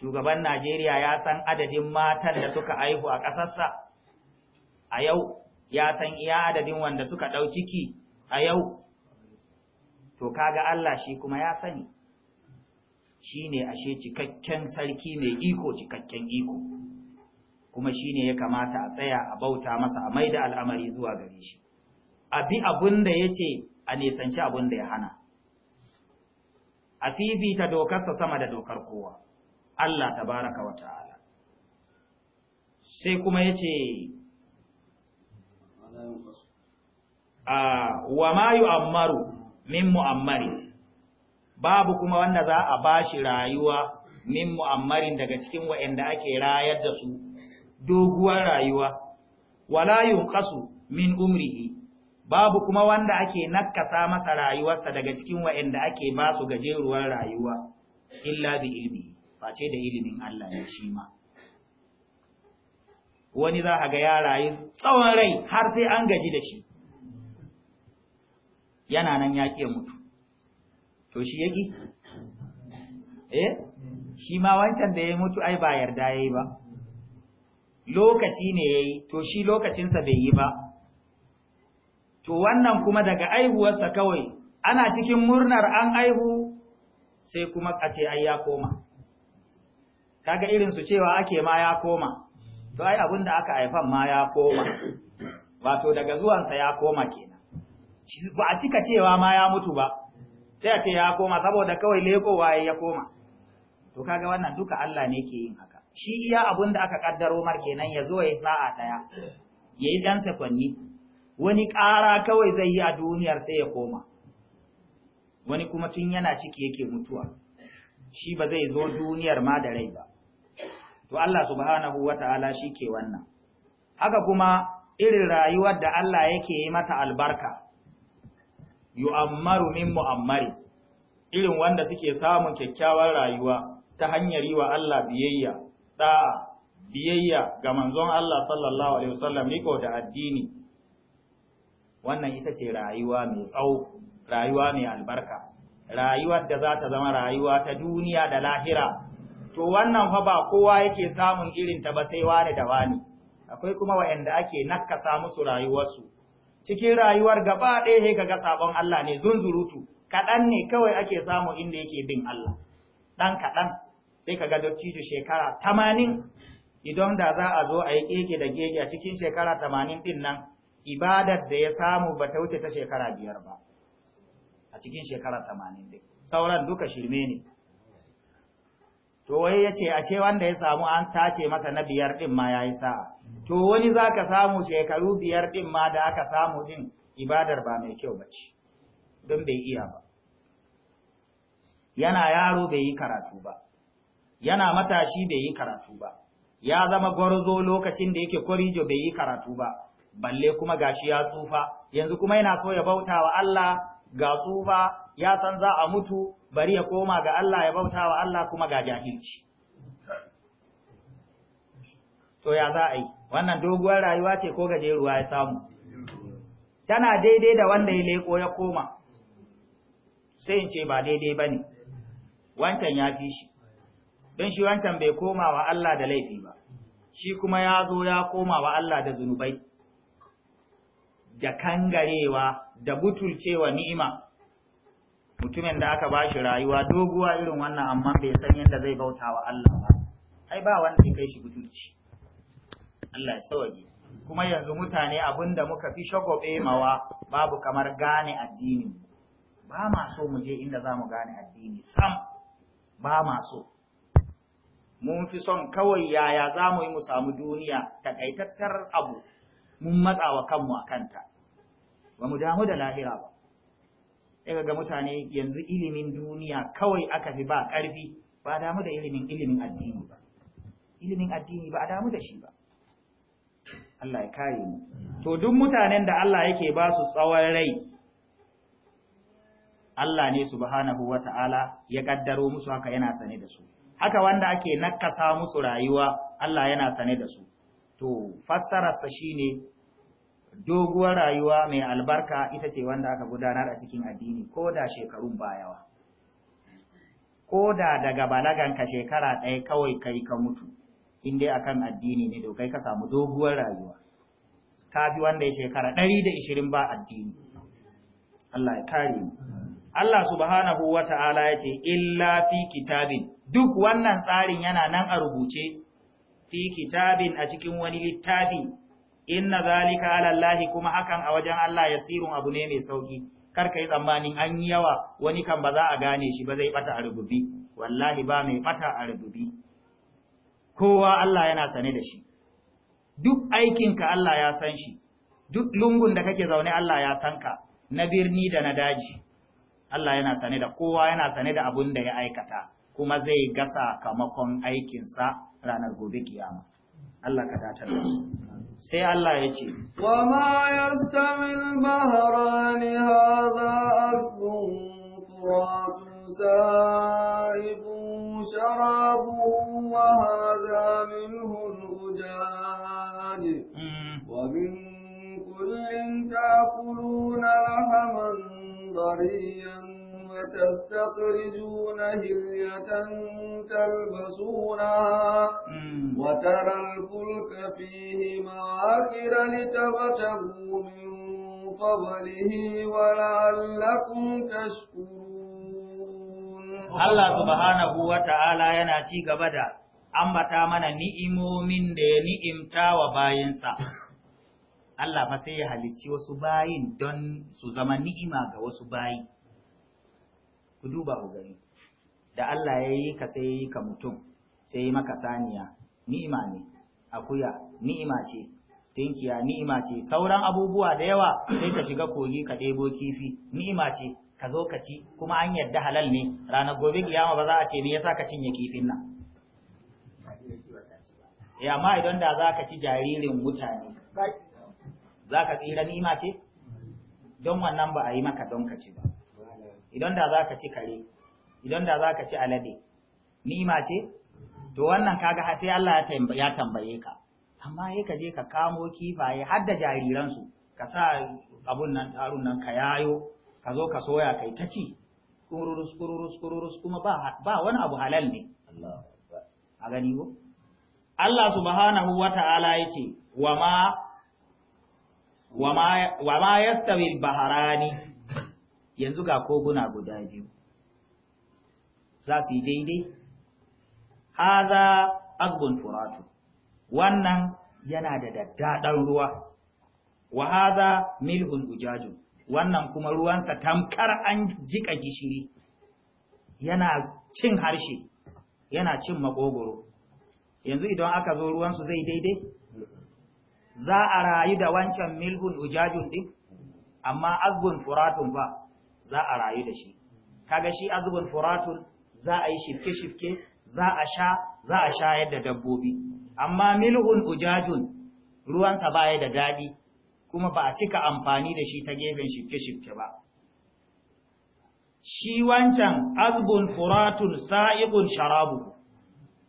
shugaban Najeriya ya san adadin matan da suka haihu a ƙasarsa a yau ya san iya adadin wanda suka ɗau ciki a yau to kaga Allah shi kuma ya sani shi ne ashe cikakken sarki mai iko cikakken iko kuma shi ne ya kamata a tsaya a bauta masa a maida al'amari zuwa gare shi abi abin da ya ce a nisanci abin da ya hana a ta dokarsa sama da dokar kowa Allah ta wa ta'ala sai kuma ya ce wa ma ammaru min mu'ammari babu kuma wanda za a bashi rayuwa min mu'ammarin daga cikin wa'anda ake rayar da su doguwar rayuwa wala yunqasu min umrihi babu kuma wanda ake nakasa masa rayuwarsa daga cikin wa'anda ake ba gajeruwar rayuwa illa bi ilmi face da ilimin Allah ne shi ma wani za a ga ya rayu tsawon rai har sai an gaji da shi yana nan ya ƙiya mutu to shi ya eh shi ma wancan da ya mutu ai ba yarda ya yi ba lokaci ne ya yi to shi lokacinsa bai yi ba to wannan kuma daga aihuwarsa kawai ana cikin murnar an aihu sai kuma a ce ai ya koma kaga irinsu cewa ake ma ya koma to ai abin da aka haifan ma ya koma wato daga zuwansa ya koma kenan ba a cika cewa ma ya mutu ba sai a ce ya koma saboda kawai lekowa ya koma to kaga wannan duka Allah ne ke yin haka shi iya abun da aka kaddaro mar kenan ya zo ya sa'a daya yayi dan sakwanni wani ƙara kawai zai yi a duniyar sai ya koma wani kuma tun yana ciki yake mutuwa shi ba zai zo duniyar ma da rai ba to Allah subhanahu wata'ala shi ke wannan haka kuma irin rayuwar da Allah yake yi mata albarka yu'ammaru min mu'ammari irin wanda suke samun kyakkyawar rayuwa ta hanyar yi wa Allah biyayya da'a biyayya ga manzon Allah sallallahu alaihi wasallam riko da addini wannan ita ce rayuwa mai tsawo rayuwa mai albarka rayuwar da za ta zama rayuwa ta duniya da lahira to wannan fa ba kowa yake samun irin ta ba sai wani da wani akwai kuma wayanda ake nakasa musu rayuwarsu cikin rayuwar gaba ɗaya sai kaga sabon Allah ne zunzurutu kaɗan ne kawai ake samu inda yake bin Allah ɗan kaɗan sai kaga dattijo shekara tamanin idan da za a zo a yi keke da keke a cikin shekara tamanin din nan ibadar da ya samu ba ta wuce ta shekara biyar ba a cikin shekara tamanin din. sauran duka shirme ne to wai ya ce ashe wanda ya samu an tace masa na biyar ɗin ma ya yi sa'a to wani za ka samu shekaru biyar ɗin ma da aka samu ɗin ibadar ba mai kyau ba ce don bai iya ba yana yaro bai yi karatu ba yana matashi bai yi karatu ba ya zama gwarzo lokacin da yake korijo bai yi karatu ba balle kuma gashi ya tsufa yanzu kuma yana so ya bauta wa Allah ga tsufa ya san za a mutu bari ya koma ga Allah ya bauta wa Allah kuma ga jahilci to ya za a yi wannan doguwar rayuwa ce ko gajeruwa ya samu tana daidai da wanda ya leko ya koma sai in ce ba daidai ba ne wancan ya fi shi don shi wancan bai koma wa Allah da laifi ba shi kuma ya zo ya koma wa Allah da zunubai da kangarewa da butulcewa ni'ima mutumin da aka ba shi rayuwa doguwa irin wannan amma bai san yadda zai bauta wa Allah ba ai ba wanda ya kai shi butulci Allah ya sauke kuma yanzu mutane abinda muka fi shagobe mawa babu kamar gane addini ba ma so mu je inda za gane addini sam ba ma so mun fi son kawai yaya za mu yi mu samu duniya takaitattar abu mun matsa wa kanmu a kanta ba mu damu da lahira ba sai ga mutane yanzu ilimin duniya kawai aka fi ba ƙarfi ba damu da ilimin ilimin addini ba ilimin addini ba a damu da shi ba Allah ya kare mu to duk mutanen da Allah yake ba su tsawon rai Allah ne subhanahu wata'ala ya kaddaro musu haka yana sane da su haka wanda ake nakasa musu rayuwa Allah yana sane da su to fassararsa shine doguwar rayuwa mai albarka ita ce wanda aka gudanar a cikin addini ko da shekarun ba yawa ko da daga balaganka shekara ɗaya kawai kai ka mutu in dai akan addini ne to kai ka samu doguwar rayuwa ka bi wanda ya shekara ɗari ba addini Allah ya kare mu Allah subhanahu wata'ala ya ce illa fi kitabin duk wannan tsarin yana nan a rubuce fi kitabin a cikin wani littafi inna zalika ala Allah kuma hakan a wajen Allah ya yasirun abu ne mai sauki kar yi tsammanin an yi yawa wani kan ba za a gane shi ba zai bata a rububi wallahi ba mai bata a rububi kowa Allah yana sane da shi duk aikinka Allah ya san shi duk lungun da kake zaune Allah ya san ka na birni da na daji Allah yana sane da kowa yana sane da abun da ya aikata kuma zai gasa kamakon aikinsa ranar gobe kiyama Allah ka datar sai Allah ya ce
wa ma yastamil bahrani hadha asbun turatun sa'ibun sharabuhu wa hmm. wa min kullin ثم تستخرجون هلية تلبسونها وترى الفلك فيه مواكر لتبتغوا من فضله ولعلكم تشكرون الله سبحانه
وتعالى يناتي قبدا ambata mana ni'imomin da ya ni'imta wa bayansa. Allah fa sai ya halicci wasu bayin don su zama ni'ima ga wasu bayi. ku duba ku gani da Allah ya yi ka sai ya yi ka mutum sai ya maka saniya ni'ima ne akuya ni'ima ce tinkiya ni'ima ce sauran abubuwa da yawa sai ka shiga kogi ka ɗebo kifi ni'ima ce ka zo ka ci kuma an yarda halal ne ranar gobe kiyama ba za a ce me yasa ka cinye kifin nan ya eh, amma idan da za ka ci jaririn mutane za ka tsira ni'ima ce don wannan ba a yi maka don ka ci ba idan da za ka ci kare idan da za ka ci alade ma ce to wannan kaga sai Allah ya tambaye ka amma sai ka je ka kamo kifaye har da jariransu ka sa abun nan tarun nan ka yayo ka zo ka soya kai ta ci kururus kururus kururus kuma ba ba wani abu halal ne a gani ko Allah subhanahu wata'ala yace wa ma wa ma wa ma yastawi al-baharani yanzu ga koguna guda biyu za su yi daidai haza azbun furatu wannan yana da daddaɗan ruwa wa haza milhun ujaju wannan kuma ruwansa tamkar an jika gishiri yana cin harshe yana cin makogoro yanzu idan aka zo ruwansu zai daidai za a rayu da wancan milhun ujajun din amma azbun furatun ba za a rayu da shi kaga shi azubul furatun za a yi shifke-shifke za a sha za a shayar da dabbobi amma milhun ujajun ruwansa baya da daɗi kuma ba a cika amfani da shi ta gefen shifke-shifke ba shi wancan azbun furatun sa'iqun sharabu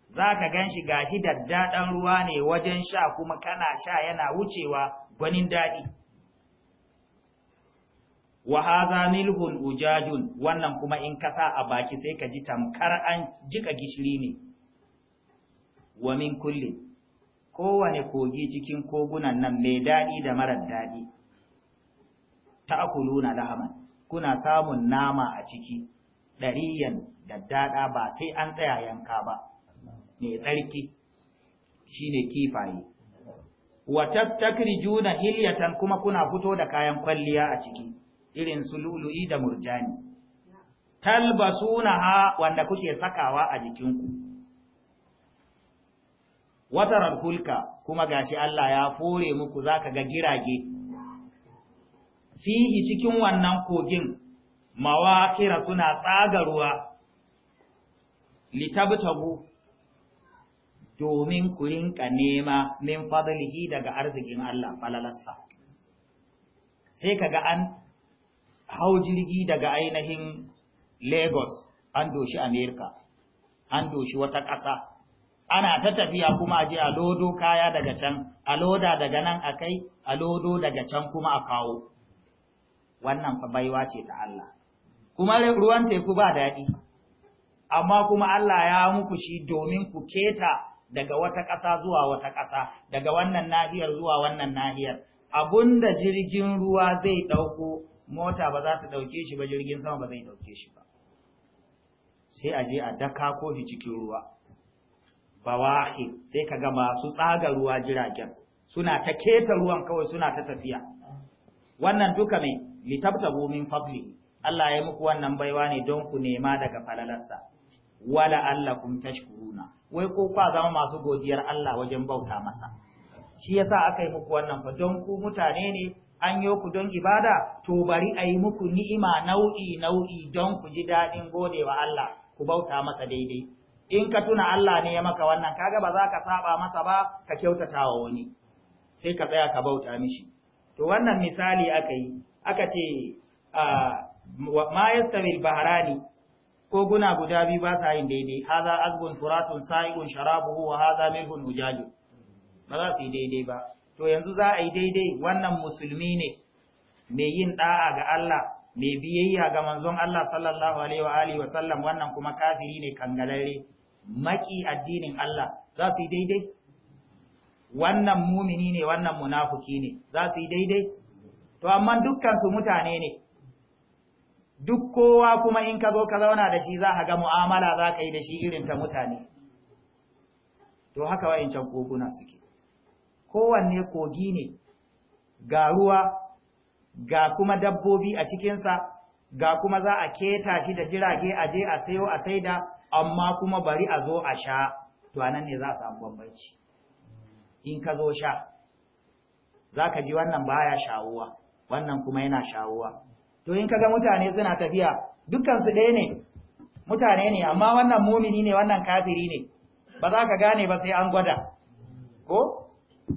za ka gan shi gashi daddaɗan ruwa ne wajen sha kuma kana sha yana wucewa gwanin daɗi wa haza milhun ujajun wannan kuma in kasa a baki sai ka ji tamkar an jika gishiri ne wa min kullin kowane kogi cikin kogunan nan mai daɗi da marar daɗi ta'kuluna lahaman kuna samun nama a ciki ɗariyan daddada ba sai an tsaya yanka ba mai tsarki shine kifaye wa tattakrijuna hilyatan kuma kuna fito da kayan kwalliya a ciki irin su lulu'i da murjani ha wanda kuke sakawa a jikinku watarar hulka kuma gashi Allah ya fore muku zaka ga girage fihi cikin wannan kogin mawakira suna tsaga ruwa litabtagu domin ku rinka nema min fadlihi daga arzikin Allah falalassa sai kaga an hau jirgi daga ainihin Lagos an doshi Amerika, an doshi wata ƙasa. Ana ta tafiya kuma a je a lodo kaya daga can, a loda daga nan a kai, a lodo daga can kuma a kawo. Wannan fa baiwa ce ta Allah. Kuma ruwan teku ba daɗi, amma kuma Allah ya muku shi domin ku keta daga wata ƙasa zuwa wata ƙasa, daga wannan nahiyar zuwa wannan nahiyar. Abun da jirgin ruwa zai ɗauko mota ba za ta ɗauke shi ba jirgin sama ba zai ɗauke shi ba sai a je a daka kofi cikin ruwa ba wahi sai ka ga masu tsaga ruwa jiragen suna ta keta ruwan kawai suna ta tafiya wannan duka mai litabta bumin fabli Allah ya muku wannan baiwa ne don ku nema daga falalarsa wala kun tashkuruna wai ko kwa zama masu godiyar Allah wajen bauta masa shi yasa aka yi muku wannan fa don ku mutane ne an yi ku don ibada to bari a yi muku ni'ima nau'i nau'i don ku ji daɗin gode wa Allah ku bauta masa daidai in ka tuna Allah ne ya maka wannan kaga ba za ka saba masa ba ka kyautata wa wani sai ka tsaya ka bauta mishi to wannan misali aka yi aka ce ma yastawi baharani koguna guda biyu ba sa yin daidai haza azgun furatun sa'iqun sharabuhu wa haza milhun ujaju ba za su yi daidai ba to yanzu za a yi daidai wannan musulmi ne mai yin da'a ga Allah mai biyayya ga manzon Allah sallallahu alaihi wa alihi wa sallam wannan kuma kafiri ne kangalare maki addinin Allah za su yi daidai wannan mumini ne wannan munafiki ne za su yi daidai to amma dukkan su mutane ne duk kowa kuma in ka zo ka zauna da shi za ka ga mu'amala za ka yi da shi irin ta mutane to haka wayancan kokuna suke kowanne kogi ne ga ruwa ga kuma dabbobi a cikinsa ga kuma za a keta shi da jirage a je a sayo a saida amma kuma bari a zo a sha to anan ne za a samu bambanci in ka zo sha za ka ji wannan baya shawuwa wannan kuma yana shawuwa to in kaga mutane suna tafiya dukansu ɗaya ne mutane ne amma wannan mumini ne wannan kafiri ne ba za ka gane ba sai an gwada ko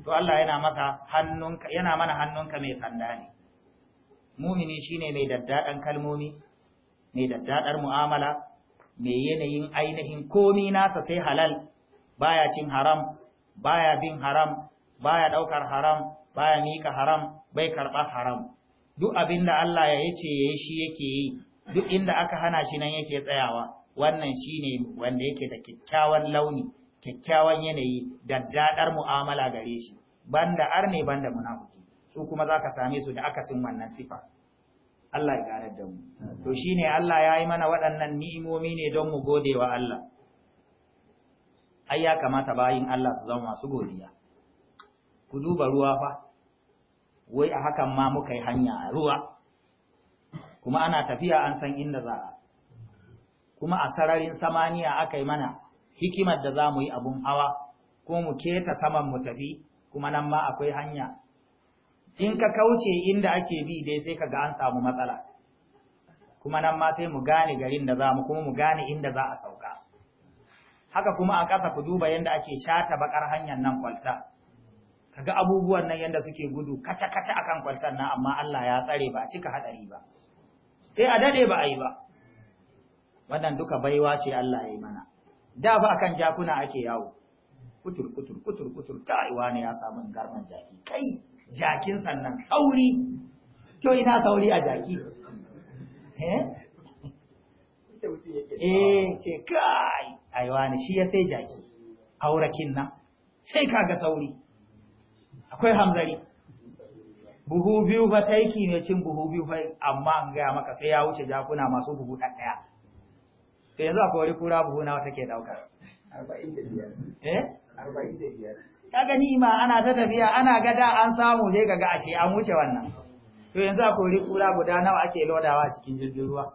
to Allah yana masa hannunka yana mana hannunka mai sanda ne mumini shine mai daddadan kalmomi mai daddadar mu'amala mai yanayin ainihin komi nasa sai halal baya cin haram baya bin haram baya daukar haram baya mika haram bai karba haram duk abinda Allah ya yace yayi shi yake yi duk inda aka hana shi nan yake tsayawa wannan shine wanda yake da kikkiawan launi kyakkyawan yanayi da dadar mu'amala gare shi banda arne banda munafiki su kuma zaka same su da akasin wannan sifa Allah ya gare da mu to shine Allah ya yi mana waɗannan ni'imomi ne don mu gode wa Allah ai ya kamata bayin Allah su zama masu godiya ku duba ruwa fa wai a hakan ma muka yi hanya ruwa kuma ana tafiya an san inda za kuma a sararin samaniya aka mana hikimar da za mu yi abun hawa ko mu keta saman mu tafi kuma nan ma akwai hanya in ka kauce inda ake bi dai sai ka ga an samu matsala kuma nan ma sai mu gane garin da za mu kuma mu gane inda za a sauka haka kuma a kasa ku duba yadda ake shata bakar hanyar nan kwalta kaga abubuwan nan yadda suke gudu kaca-kaca akan kwaltar nan amma Allah ya tsare ba a cika hadari ba sai a dade ba a yi ba wannan duka baiwa ce Allah ya yi mana da ba kan jakuna ake yawo kutur kutur kutur kutur kai wani ya samu garman jaki kai jakin sannan sauri to ina sauri a jaki eh eh ce kai ai wani shi ya sai jaki aurakin nan sai kaga sauri akwai hamzari buhu biyu ba taiki ne cin buhu biyu fa amma an gaya maka sai ya wuce jakuna masu buhu ɗaya to yanzu akwai wani kura buhu nawa take dauka eh ka gani ma ana ta tafiya ana gada an samu zai ga ashe an wuce wannan to yanzu akwai wani kura guda nawa ake lodawa cikin jirgin ruwa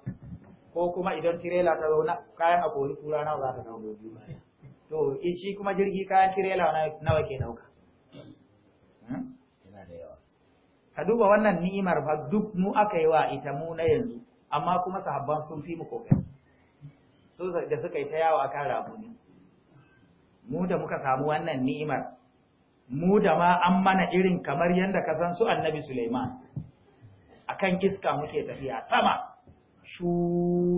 ko kuma idan tirela ta zo kayan akwai kura nawa za ta dauka to shi kuma jirgi kayan tirela nawa ke dauka hmm? ka duba wannan ni'imar ba duk mu aka yi wa ita mu na yanzu amma kuma sahabban sun fi mu kokari su da suka yi ta yawa kan rabuni mu da muka samu wannan ni'imar mu da ma an mana irin kamar yadda ka san su annabi Suleiman A kan iska muke tafiya sama shu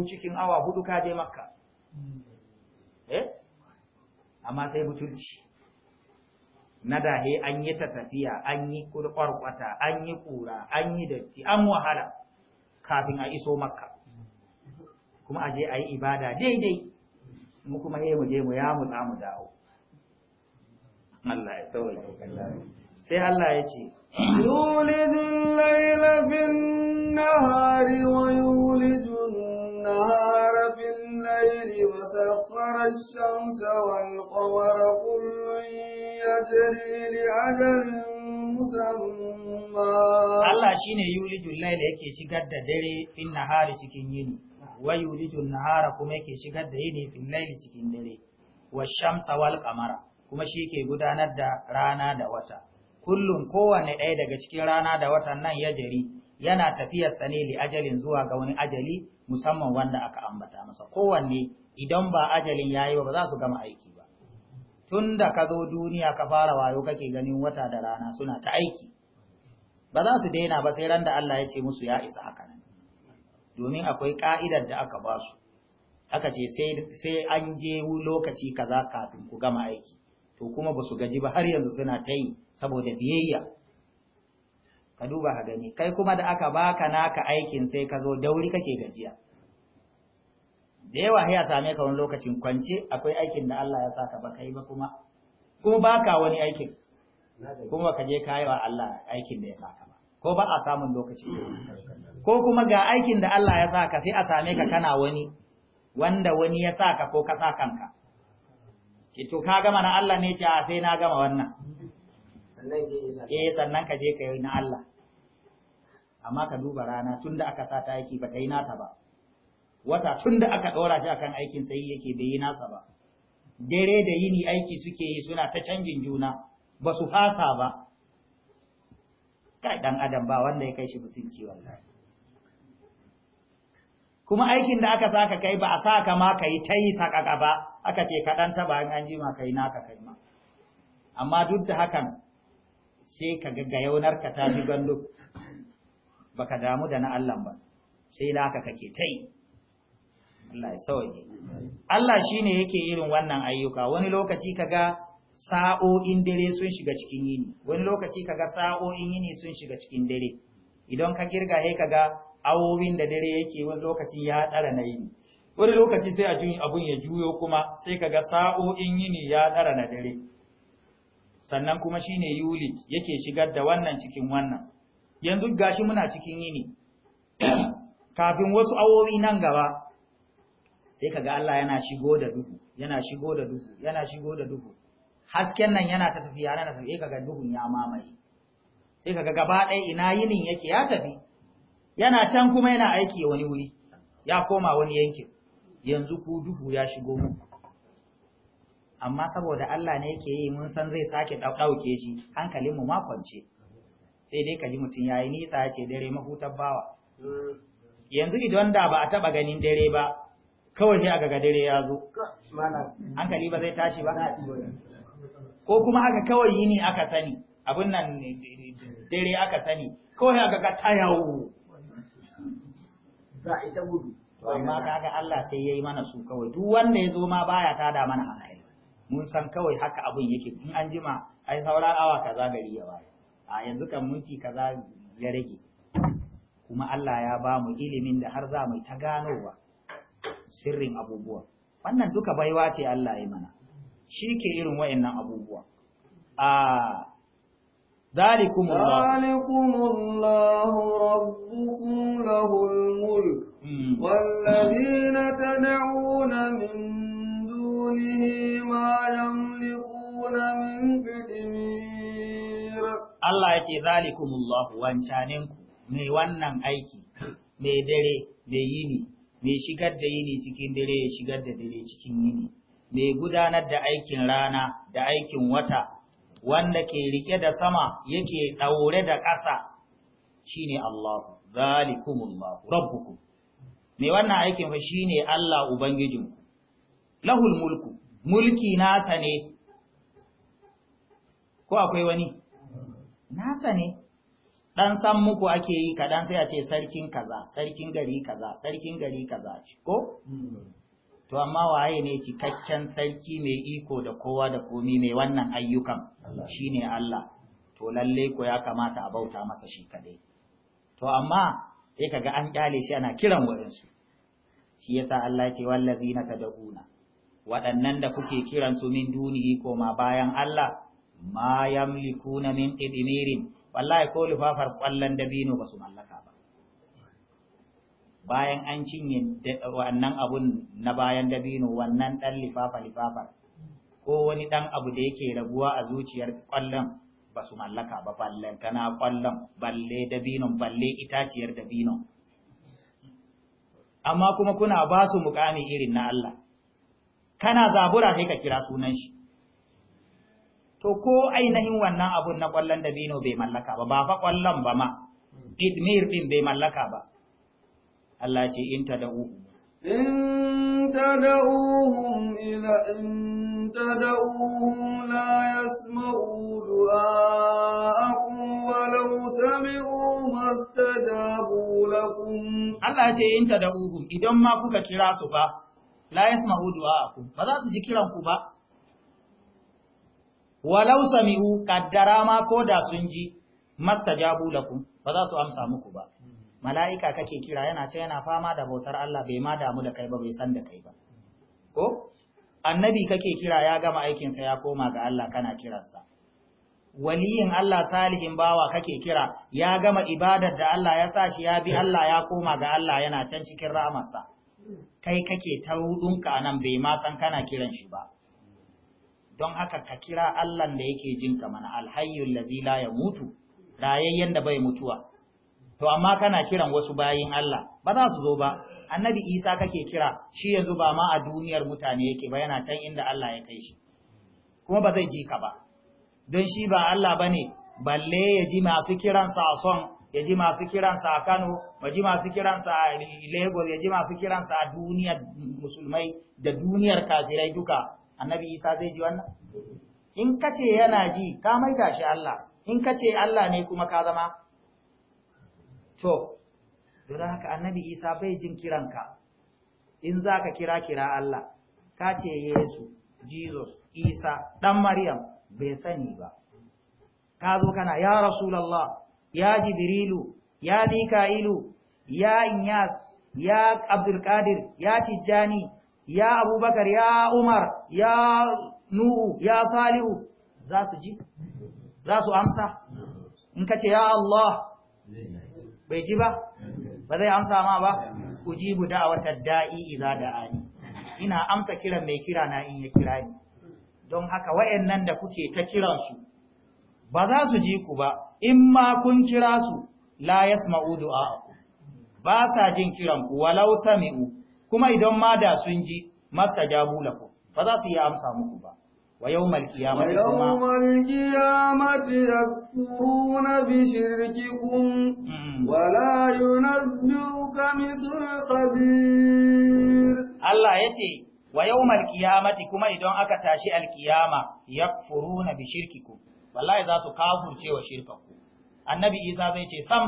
cikin awa hudu ka je makka eh amma sai mutunci na dahe an yi ta tafiya an yi kwarkwata an yi kura an yi datti an wahala kafin a iso makka kuma aje a yi ibada daidai mu kuma he mu je mu ya mu za mu dawo Allah ya tsawai sai Allah ya ce يولد
الليل في wa ويولد النهار في وسخر الشمس والقمر كل يجري لأجل
Allah shi ne laila yake shigar da dare fin nahari cikin yini, wa yuridu nahara kuma yake shigar da yini fil laili cikin dare wa shamsa wal qamara kuma shi ke gudanar da rana da wata kullum kowanne ɗaya daga cikin rana da watan nan ya jari yana tafiyar sa ne li ajalin zuwa ga wani ajali musamman wanda aka ambata masa kowanne idan ba ajalin yayi ba ba za su gama aiki ba tun da ka zo duniya ka fara wayo kake ganin wata da rana suna ta aiki ba za su daina ba sai ran da Allah ya ce musu ya isa haka nan domin akwai ka'idar da aka ba su aka ce sai an je lokaci kaza kafin ku gama aiki to kuma ba su gaji ba har yanzu suna ta yi saboda biyayya ka duba ha gani kai kuma da aka baka naka aikin sai ka zo dauri kake gajiya da yawa ya same ka wani lokacin kwance akwai aikin da Allah ya saka ba kai ba kuma kuma baka wani aikin kuma ka je kayawa wa Allah aikin da ya saka ba ko ba a samun lokaci ko kuma ga aikin da Allah ya sa ka, sai a same ka kana wani wanda wani ya sa ka ko ka sa kanka ki to ka gama na Allah ne ce a sai na gama wannan eh sannan ka je ka yi na Allah amma ka duba rana tunda aka sa ta aiki ba ta yi nata ba wata tunda aka ɗora shi akan aikin sai yake bai yi nasa ba dare da yini aiki suke yi suna ta canjin juna ba su fasa ba kai dan adam ba wanda ya kai shi mutunci wallahi kuma aikin da aka saka kai ba a saka ma kai ta yi sakaka ba aka ce kaɗan taɓa in an jima kai naka kai ma amma duk da hakan sai ka ga yaunar ka ta fi gando ka damu da na Allah ba sai da aka kake ta yi Allah ya sauke Allah shine yake irin wannan ayyuka wani lokaci kaga sa'o'in dare sun shiga cikin yini wani lokaci kaga sa'o'in yini sun shiga cikin dare idan ka girga he kaga awowin da dare yake wani lokaci ya ɗara na yini wani lokaci sai abun ya juyo kuma sai kaga sa'o'in yini ya ɗara na dare sannan kuma shine yuli yake shigar da wannan cikin wannan yanzu gashi muna cikin yini [clears throat] kafin wasu awowi nan gaba sai kaga Allah yana shigo da duhu yana shigo da duhu yana shigo da duhu hasken nan yana ta tafiya yana tafiya kaga duhun ya mamaye sai kaga gaba ɗaya ina yinin yake ya tafi yana can kuma yana aiki wani wuri ya koma wani yankin yanzu ku duhu ya shigo mu amma saboda Allah ne yake yi mun san zai sake ɗauke shi hankalin mu ma kwance. sai dai kaji mutum yayi nisa ya ce dare mahutar bawa yanzu idan da ba a taba ganin dare ba kawai sai aka ga dare ya zo hankali ba zai tashi ba ko kuma haka kawai yini aka sani abin nan dare aka sani kawai aka ga tayawu za a yi ta gudu to amma kaga Allah sai ya yi mana su kawai duk wanda ya zo ma baya tada mana hankali mun san kawai haka abun yake in an jima ai saura awa kaza gari ya waye a yanzu kan minti kaza ya rage kuma Allah ya ba mu ilimin da har za mu ta ganowa sirrin abubuwa wannan duka baiwa ce Allah ya mana shi ke irin wayannan abubuwa a ah, ذلكم الله
ذلكم الله ربكم له الملك والذين تدعون من دونه ما يملكون من قدمير
الله يتي ذلكم الله وانشانينكم mai wannan aiki mai dare mai yini mai shigar da yini cikin dare shigar da dare cikin yini mai gudanar da aikin rana da aikin wata wanda ke rike da sama yake ɗaure da ƙasa shine Allah zalikumullahu rabbukum me wannan aikin fa shine Allah ubangijinku lahul mulku mulki nasa ne ko akwai wani nasa ne dan san muku ake yi kadan sai a ce sarkin kaza sarkin gari kaza sarkin gari kaza ko mm -hmm. to amma waye ne cikakken sarki mai iko da kowa da komi mai wannan ayyukan shine Allah to lalle ko ya kamata a bauta masa shi kadai to amma sai kaga an kyale shi ana kiran su shi yasa Allah ce wallazina tad'una waɗannan da kuke kiran su min dunihi koma bayan Allah ma yamlikuna min qidmirin wallahi ko lufafar kwallon dabino ba su mallaka bayan an cinye wannan abun na bayan dabino wannan ɗan lifafa-lifafar ko wani ɗan abu da yake rabuwa a zuciyar ƙwallon ba su mallaka ba ballen tana ƙwallon balle dabinon balle itaciyar dabinon amma kuma kuna ba su mukami irin na Allah kana zabura sai ka kira sunan shi to ko ainihin wannan abun na ƙwallon dabino bai mallaka ba ba fa ƙwallon ba ma idmir ɗin bai mallaka ba Allah ce in ta tada'u
in ta tada'uhum ila in tada'uhum la yasma'u du'a'akum walau sami'u mastajabu lakum Allah ce in tada'uhum idan ma kuka
kira su ba la a du'a'akum ba za su ji kiran ku ba walau sami'u kaddara ma ko da sun ji masta mastajabu lakum ba za su amsa muku ba mala'ika kake kira yana ce yana fama da bautar Allah bai ma damu da kai ba bai san da kai ba ko annabi kake kira ya gama aikinsa ya koma ga Allah kana kiransa waliyin Allah salihin bawa kake kira ya gama ibadar da Allah ya sa shi ya bi Allah ya koma ga Allah yana can cikin ramarsa. kai kake ta rudunka nan bai ma san kana kiran shi ba don haka ka kira Allah da yake jinka mana alhayyul Lazila la mutu, rayayyen da bai mutuwa to amma kana kiran wasu bayin Allah ba za su zo ba annabi Isa kake kira shi yanzu ba ma a duniyar mutane yake ba yana can inda Allah ya kai shi kuma ba zai ji ka ba don shi ba Allah bane balle ya ji masu kiransa a son ya ji masu kiransa a Kano ya ji masu kiransa a Lagos ya ji masu kiransa a duniyar musulmai da duniyar kafirai duka annabi Isa zai ji wannan in kace yana ji ka maida shi Allah in kace Allah ne kuma ka zama to don haka annabi isa bai jin kiran ka? in za ka kira kira Allah ka ce yesu jesus isa ɗan maryam bai sani ba ka zo kana ya rasulallah ya jibrilu ya mika'ilu ya inyas ya abdulkadir ya tijjani ya abubakar ya umar ya nuhu ya salihu za su ji za su amsa in ka ce ya allah bai ji ba ba zai amsa ma ba Ku ji bu da'awatar da'i idza da'ani ina amsa kiran mai kira na in ya kira ni don haka wayannan da kuke ta kiran su ba za su ji ku ba in ma kun kira su la yasma'u du'a'akum ba sa jin kiran ku walau sami'u kuma idan ma da sun ji mastajabu lakum ba za su yi amsa muku ba ويوم القيامة
ويوم القيامة يكفرون بشرككم ولا ينبئك مثل خبير الله يتي
ويوم القيامة كما إذن أكتاشي القيامة يكفرون بشرككم والله إذا تكافر شيء وشرككم النبي إذا زي شيء سم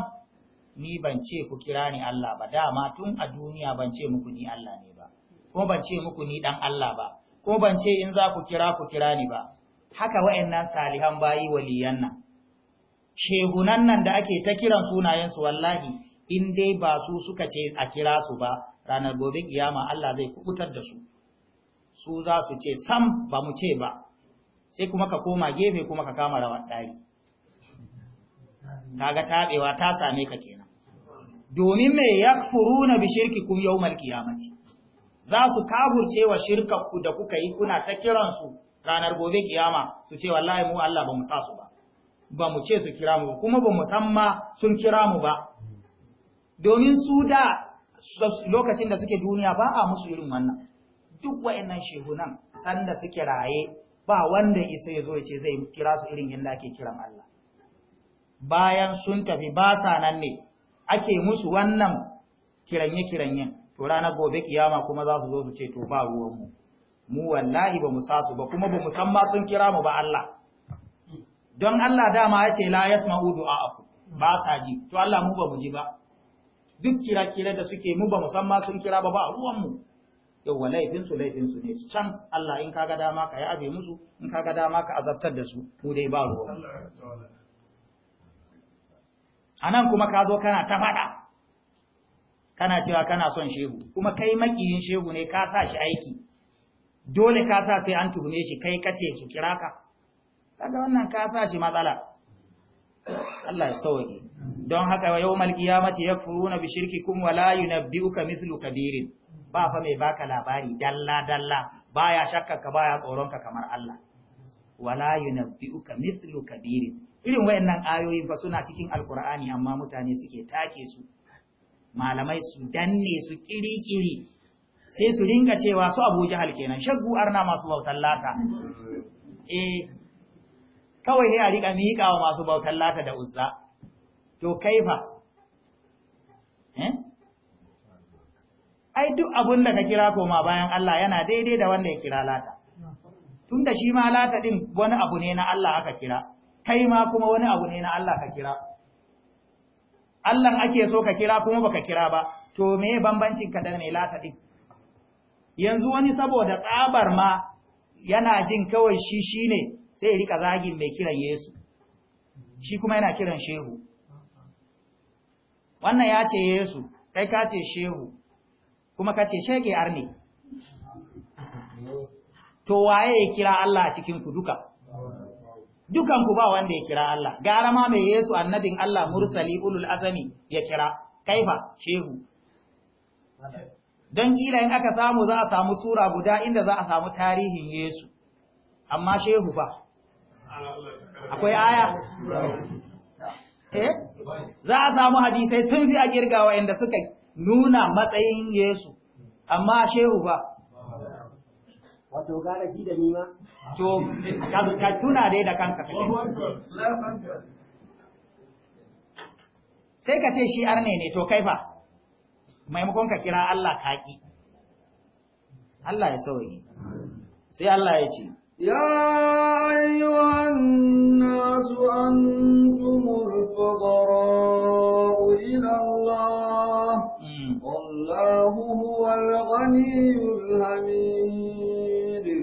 ni ban ce ku kira ni Allah ba dama tun a duniya ban ce muku ni Allah ne ba ko ban ce muku ni dan Allah ba ko ban ce in za ku kira ku kira ni ba haka wayannan salihan bayi waliyan nan shehunan nan da ake ta kiran sunayensu wallahi in dai ba su suka ce a kira su ba ranar gobe kiyama Allah zai kubutar da su su za su ce sam ba mu ce ba sai kuma ka koma gefe kuma ka kama rawar ɗari kaga taɓewa ta same ka kenan domin me yakfuruna bi shirkikum yawmal kiyamati. za su kafurce wa shirkanku da kuka yi kuna ta kiransu ranar gobe kiyama su ce wallahi mu Allah ba mu sa su ba ba mu ce su kira mu kuma ba mu san ma sun kira mu ba domin su da lokacin da suke duniya ba a musu irin wannan duk wayannan shehunan sanda suke raye ba wanda isa ya zo ya ce zai kira su irin yanda ake kiran Allah bayan sun tafi ba sa nan ne ake musu wannan kiranye-kiranyen to ranar gobe kiyama kuma za su zo su ce to ba ruwanmu mu wallahi ba mu sasu ba kuma ba mu san ma sun kira mu ba Allah don Allah dama ya ce la yasma'u du'a'akum ba sa ji to Allah mu ba mu ji ba duk kira-kira da suke mu ba mu san ma sun kira ba ba ruwanmu su laifinsu laifinsu ne can Allah in kaga dama ka yabe musu in kaga dama ka azabtar da su mu dai ba ruwa anan kuma ka zo kana ta fada kana cewa kana son shehu kuma kai makiyin shehu ne ka sa shi aiki dole ka sa sai an tuhume shi kai kace ki kira ka kaga wannan ka sa shi matsala Allah ya sauke don haka yawmal qiyamati yakfuruna bi shirkikum wa la yunabbi'uka mithlu kabirin ba fa mai baka labari dalla dalla baya shakka ka baya ka kamar Allah wala yunabbi'uka mithlu kabirin irin wayannan ayoyin fa suna cikin alqur'ani amma mutane suke take su malamai su danne su kirikiri sai su ringa cewa su abu jihal kenan shaggu arna masu bautan lata eh kawai sai a rika miƙa wa masu bautan lata da uzza to kaifa eh ai duk abun da ka kira koma bayan Allah yana daidai da wanda ya kira lata tunda shi ma lata din wani abu ne na Allah aka kira kai ma kuma wani abu ne na Allah ka kira Allah ake so ka kira kuma baka kira ba to me bambancin ka da mai lata din yanzu wani saboda tsabar ma yana jin kawai shi shine sai rika zagin mai kiran Yesu shi kuma yana kiran shehu wannan ya ce Yesu kai ka ce shehu kuma ka ce shege arne to waye ya kira Allah cikin ku duka dukanku ba wanda ya kira Allah gara ma mai Yesu annabin Allah mursali ulul azami ya kira kaifa shehu don kila in aka samu za a samu sura guda inda za a samu tarihin Yesu amma shehu fa akwai aya eh za a samu hadisai sun fi a girgawa inda suka nuna matsayin Yesu amma shehu fa wato gara shi da nima to ka tuna dai da kanka sai ka ce shi arne ne to kaifa, maimakon ka kira Allah kaki Allah ya sauye sai Allah ya ce
ya ayyuhan nasu antumul fuqara ila Allah hmm. wallahu huwal ghaniyyul hamid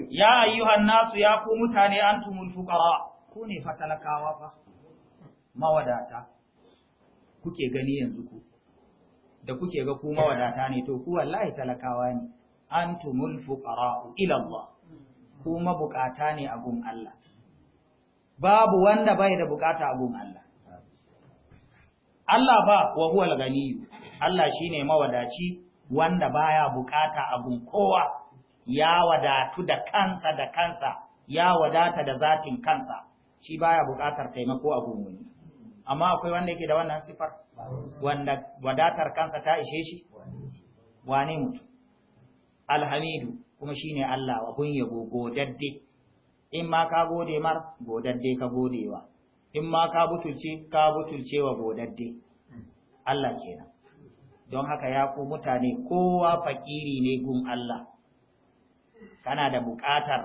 ya ayyuhan nasu ya ku mutane
antumul fuqara ku ne fa talakawa fa mawadata kuke gani yanzu ku da kuke ga ku mawadata ne to ku wallahi talakawa ne antumul fuqara ila Allah ku mabukata ne a gun Allah babu wanda bai da bukata a gun Allah Allah ba wa al-ghani Allah shine mawadaci wanda baya bukata a gun kowa ya wadatu da kansa da kansa ya wadata da zatin kansa shi baya buƙatar taimako a gungumi. amma akwai wanda yake da wannan sifar wanda wadatar kansa ta ishe shi wane mutu alhamidu kuma shine Allah abun yabo godadde in ma ka gode mar godadde ka godewa in ma ka butulce ka butulce wa godadde Allah kenan don haka ya ku mutane kowa fakiri ne gun Allah kana da buƙatar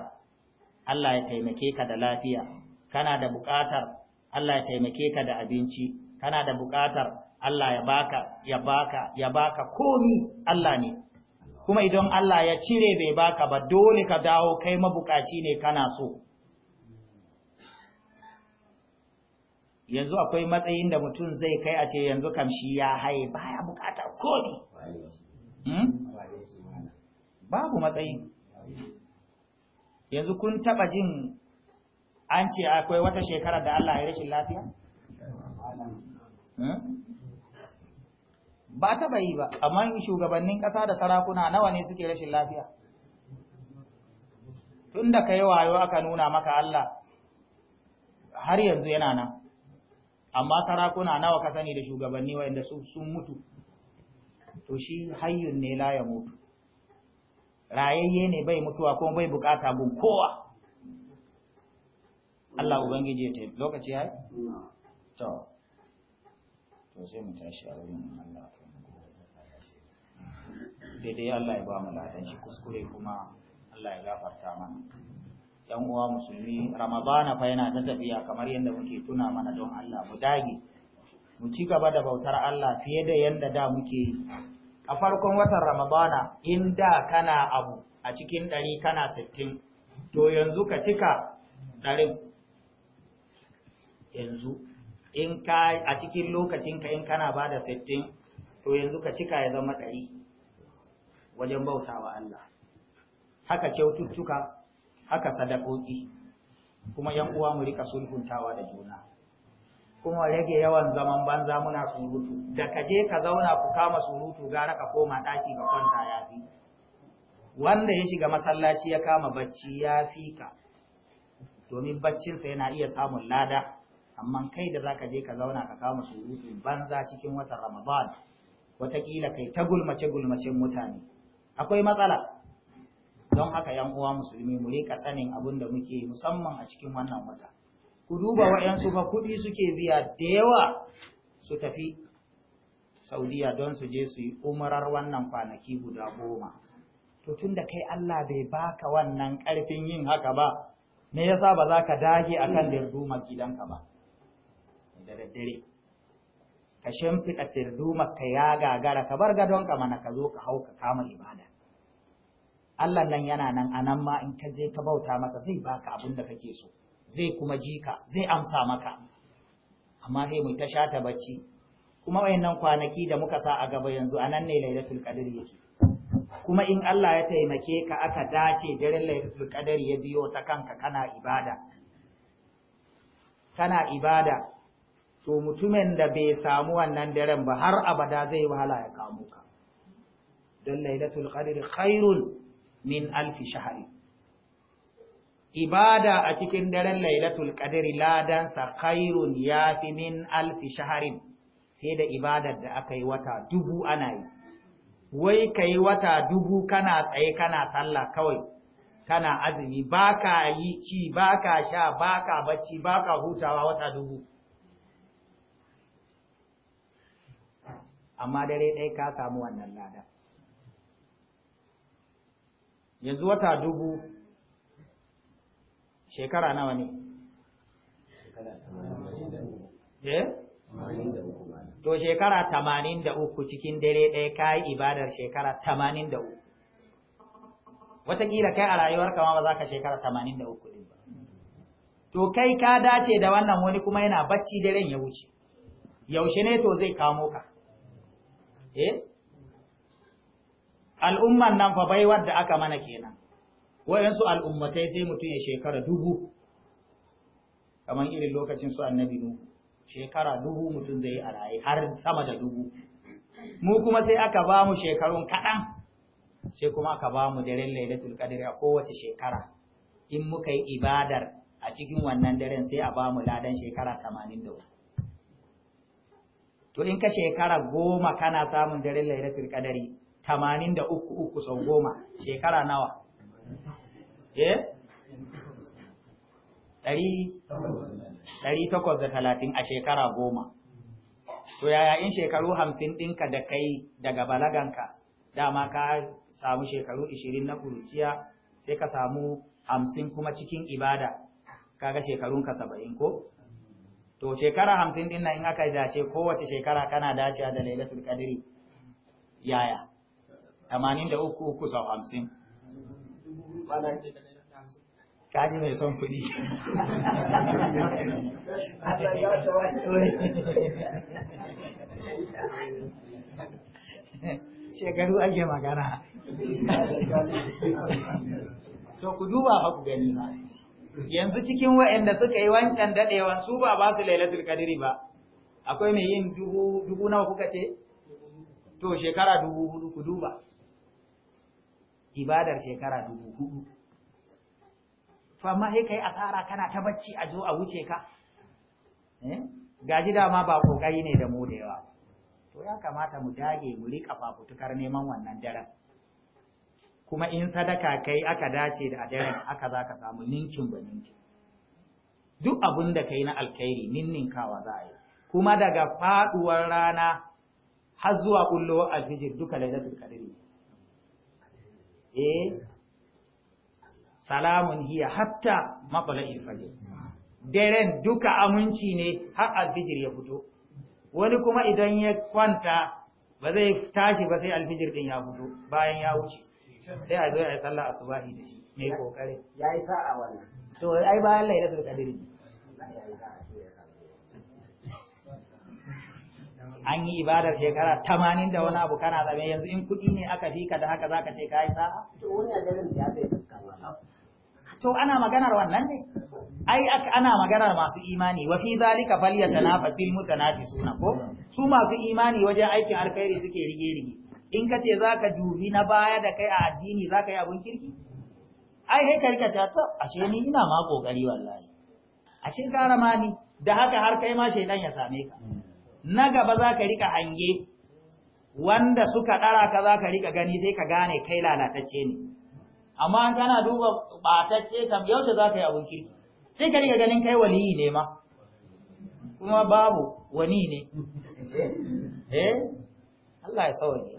Allah ya taimake ka da lafiya kana da buƙatar Allah ya taimake ka da abinci kana da buƙatar Allah ya baka ya baka ya baka komi Allah ne kuma idan Allah ya cire bai baka ba dole ka dawo kai mabukaci ne kana so yanzu akwai matsayin da mutum zai kai a ce yanzu kam shi ya haye baya bukata komi hmm? babu matsayin yanzu kun taba jin an ce akwai wata shekara da Allah ya rashin lafiya hmm? ba taba yi ba amma shugabannin ƙasa da sarakuna nawa ne suke rashin lafiya tun da ka yi wayo aka nuna maka Allah har yanzu yana nan amma sarakuna nawa ka sani da shugabanni inda sun mutu to shi hayyun ne la ya mutu rayayye ne bai mutuwa ko bai bukata gun kowa Allah ubangiji ya tafi lokaci ya to to sai mu tashi a wurin Allah daidai Allah ya ba mu ladan shi kuskure kuma Allah ya gafarta mana yan uwa musulmi ramadana fa yana ta tafiya kamar yadda muke tuna mana don Allah mu dage mu ci gaba da bautar Allah fiye da yadda da muke a farkon watan ramadana in da kana abu a cikin ɗari kana sittin to yanzu ka cika ɗarin yanzu in ka a cikin lokacinka in kana ba da sittin to yanzu ka cika ya zama ɗari wajen bautawa Allah haka kyaututtuka haka sadakoki kuma yan uwa mu rika sulhuntawa da juna kuma rage yawan zaman banza muna surutu da ka je ka zauna ku kama surutu gara ka koma ɗaki ga kwanta ya fi wanda ya shiga masallaci ya kama bacci ya fi ka domin baccinsa yana iya samun lada amma kai da zaka je ka zauna ka kama surutu banza cikin watan ramadan watakila kai ta gulmace gulmacen mutane akwai matsala don haka yan uwa musulmi mu rika sanin abin da muke musamman a cikin wannan wata ku duba waɗansu ba kuɗi suke biya da yawa su tafi saudiya don su je su yi umarar wannan kwanaki guda goma to tun da kai Allah bai baka wannan ƙarfin yin haka ba me yasa ba za ka dage akan kan dirdumar gidanka ba da daddare ka shimfiɗa dirdumar ka ya gagara ka bar gadonka mana ka zo ka hau ka kama ibada Allah nan yana nan a nan ma in ka je ka bauta masa zai baka abin da kake so zai kuma ji ka zai amsa maka amma sai mu ta shata bacci kuma wayannan kwanaki da muka sa a gaba yanzu anan ne lailatul qadr yake kuma in Allah ya taimake ka aka dace daren lailatul qadr ya biyo ta kanka kana ibada kana ibada to mutumin da bai samu wannan daren ba har abada zai wahala ya kamo ka don lailatul qadr khairun min alfi shahrin ibada a cikin daren lailatul qadri ladansa khairun yafi min alfi shaharin sai da ibadar da aka yi wata dubu ana yi wai kai wata dubu kana tsaye kana sallah kawai kana azumi baka yi ci baka sha baka bacci baka hutawa wata dubu amma dare ɗaya ka samu wannan lada yanzu wata dubu shekara nawa ne
eh? to
shekara tamanin da uku cikin dare ɗaya ka yi ibadar shekara tamanin da uku wataƙila kai a rayuwar kama ba za ka shekara tamanin da uku ɗin ba to kai ka dace da wannan wani kuma yana bacci daren ya wuce yaushe ne to zai kamo ka eh al'umman nan fa baiwar da aka mana kenan wayansu al'ummatai sai mutum ya shekara dubu kamar irin lokacin su annabi nu shekara dubu mutum zai a rayu har sama da dubu mu kuma sai aka ba mu shekarun kaɗan sai kuma aka ba mu daren lailatul qadr a kowace shekara in muka yi ibadar a cikin wannan daren sai a ba mu ladan shekara 80 to in ka shekara goma kana samun daren lailatul qadari 83 uku sau goma shekara nawa Eh? ɗari takwas da talatin a shekara goma to yaya in shekaru hamsin ɗinka da kai daga balaganka dama ka samu shekaru ishirin na kuruciya sai ka samu hamsin kuma cikin ibada kaga shekarunka saba'in ko to shekara hamsin ɗin in aka dace kowace shekara kana dacewa da lailatul qadri yaya tamanin da uku uku sau hamsin kaji mai son kuɗi shekaru ake magana to ku duba fa ku gani ba yanzu cikin waɗanda suka yi wancan daɗewan su ba ba su lailatul kadiri ba akwai mai yin dubu nawa kuka ce to shekara dubu hudu ku duba ibadar shekara dubu hudu to amma kai asara kana ta bacci a zo a wuce ka eh? gaji dama ba kokari ne da mu da yawa to ya kamata mu dage mu rika fafutukar neman wannan daren kuma in sadaka kai aka dace da a daren aka za ka samu ninkin ba ninkin duk abin da yi na alkhairi ninninkawa za a yi kuma daga faɗuwar rana har zuwa a fijir duka lailatul qadr eh salamun hiya hatta matsala'il fajr daren duka aminci ne har alfijir ya fito wani kuma idan ya kwanta ba zai tashi ba sai alfijir din ya fito bayan ya wuce sai a zo ya sallah asubahi da shi mai kokari yayi sa'a wannan to ai bayan lailatul qadr ne an yi ibadar shekara tamanin da wani abu kana zame yanzu in kuɗi ne aka fi ka da haka ka ce ka yi sa'a to wani To ana maganar wannan ne ai ana maganar masu imani wa fi zalika fi suna ko su masu imani wajen aikin alkhairi suke rige rige in ka ce za ka dubi na baya da kai a addini ka yi abun kirki ai kai ka rika ta ashe ni ina ma kokari wallahi ashe ka ma ni da haka har kai ma shaidan ya same ka mm. na gaba za ka rika hange wanda suka ɗara ka za ka rika gani sai ka gane kai lalatacce ne amma kana duba ɓatacce kam yaushe za ka yi abin kirki sai ka rika ganin kai waliyi ne ma kuma babu wani ne
[laughs]
eh Allah ya sauke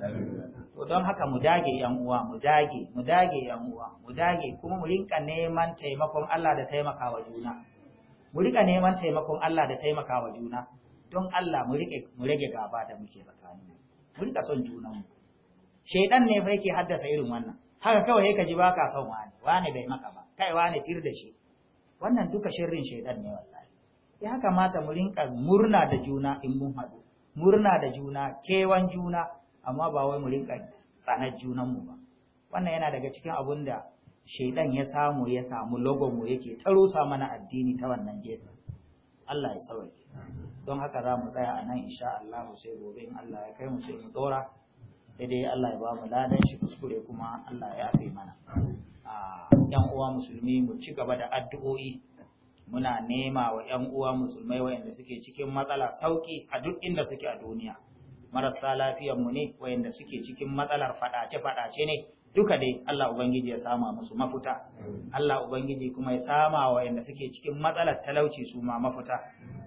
to don haka mu dage yan uwa mu dage mu dage yan uwa mu dage kuma mu rinka neman taimakon Allah da taimakawa juna mu rinka neman taimakon Allah da taimakawa juna don Allah mu rage gaba da muke tsakanin mu rika son junanmu shaidan ne fa yake haddasa irin wannan haka kawai ka ji baka son wani wani bai maka ba kai wani tir da shi wannan duka shirrin shaidan ne wallahi ya kamata mu rinka murna da juna in mun haɗu murna da juna kewan juna amma ba wai mu rinka tsanar mu ba wannan yana daga cikin abun da shaidan ya samu ya samu logon mu yake ta mana addini ta wannan gefe Allah ya sauke don haka za mu tsaya a nan insha Allah sai gobe in Allah ya kai mu sai mu dora daidai Allah ya ba mu ladan shi kuskure kuma Allah ya fi mana a yan uwa musulmi mu ci gaba da addu'o'i muna nema wa yan uwa musulmai wayanda suke cikin matsala sauki a duk inda suke a duniya marasa lafiyar mu ne wayanda suke cikin matsalar fadace fadace ne duka dai Allah ubangiji ya sama musu mafuta Allah ubangiji kuma ya sama wa suke cikin matsalar talauci su ma mafuta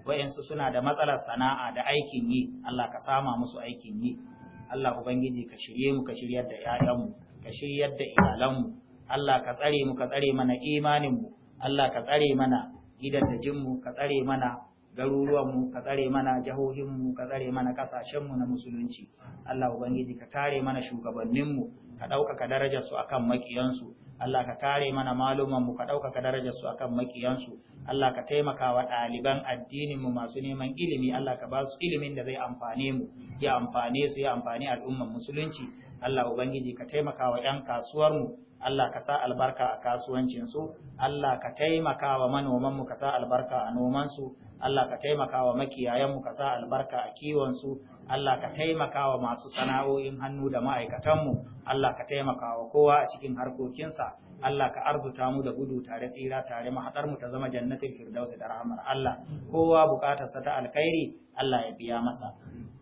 wayansu suna da matsalar sana'a da aikin yi Allah ka sama musu aikin yi Allah ubangiji ka shirye mu ka shiryar da 'ya'yanmu ka shiryar da iyalanmu Allah ka tsare mu ka tsare mana imaninmu Allah ka tsare mana gidan da jinmu ka tsare mana garuruwanmu ka tsare mana jahohinmu ka tsare mana kasashenmu na musulunci Allah ubangiji ka kare mana shugabanninmu ka ɗaukaka darajarsu akan makiyansu Allah ka kare mana malumanmu ka ɗaukaka darajarsu akan makiyansu Allah ka taimaka wa ɗaliban addininmu masu neman ilimi Allah ka ba su ilimin da zai amfane mu ya amfane su ya amfani al'umman musulunci Allah ubangiji ka taimaka wa 'yan kasuwarmu Allah ka sa albarka a kasuwancinsu, Allah ka taimaka wa manomanmu ka sa albarka a nomansu, Allah ka taimaka wa makiyayanmu ka sa albarka a kiwon su. Allah ka taimaka wa masu sana'o'in hannu da ma'aikatanmu, Allah ka taimaka wa kowa a cikin harkokinsa, Allah ka arzuta mu da gudu tare tsira tare mahaɗarmu mu ta zama jannatin firdausi da rahamar Allah, kowa buƙatarsa ta alkhairi Allah ya biya masa.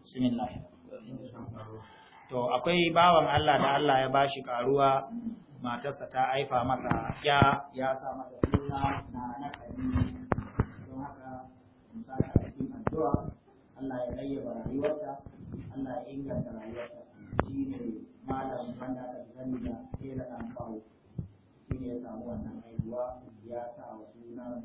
Bismillah. To akwai bawan Allah da Allah ya bashi karuwa matarsa ta aifa masa ya ya sa mata suna na na mutuwa Allah ya kayyaba rayuwarta Allah ya inganta rayuwarta shi ne malam wanda aka sani da kera dan kawo shi ne ya samu wannan haihuwa ya sa wa sunan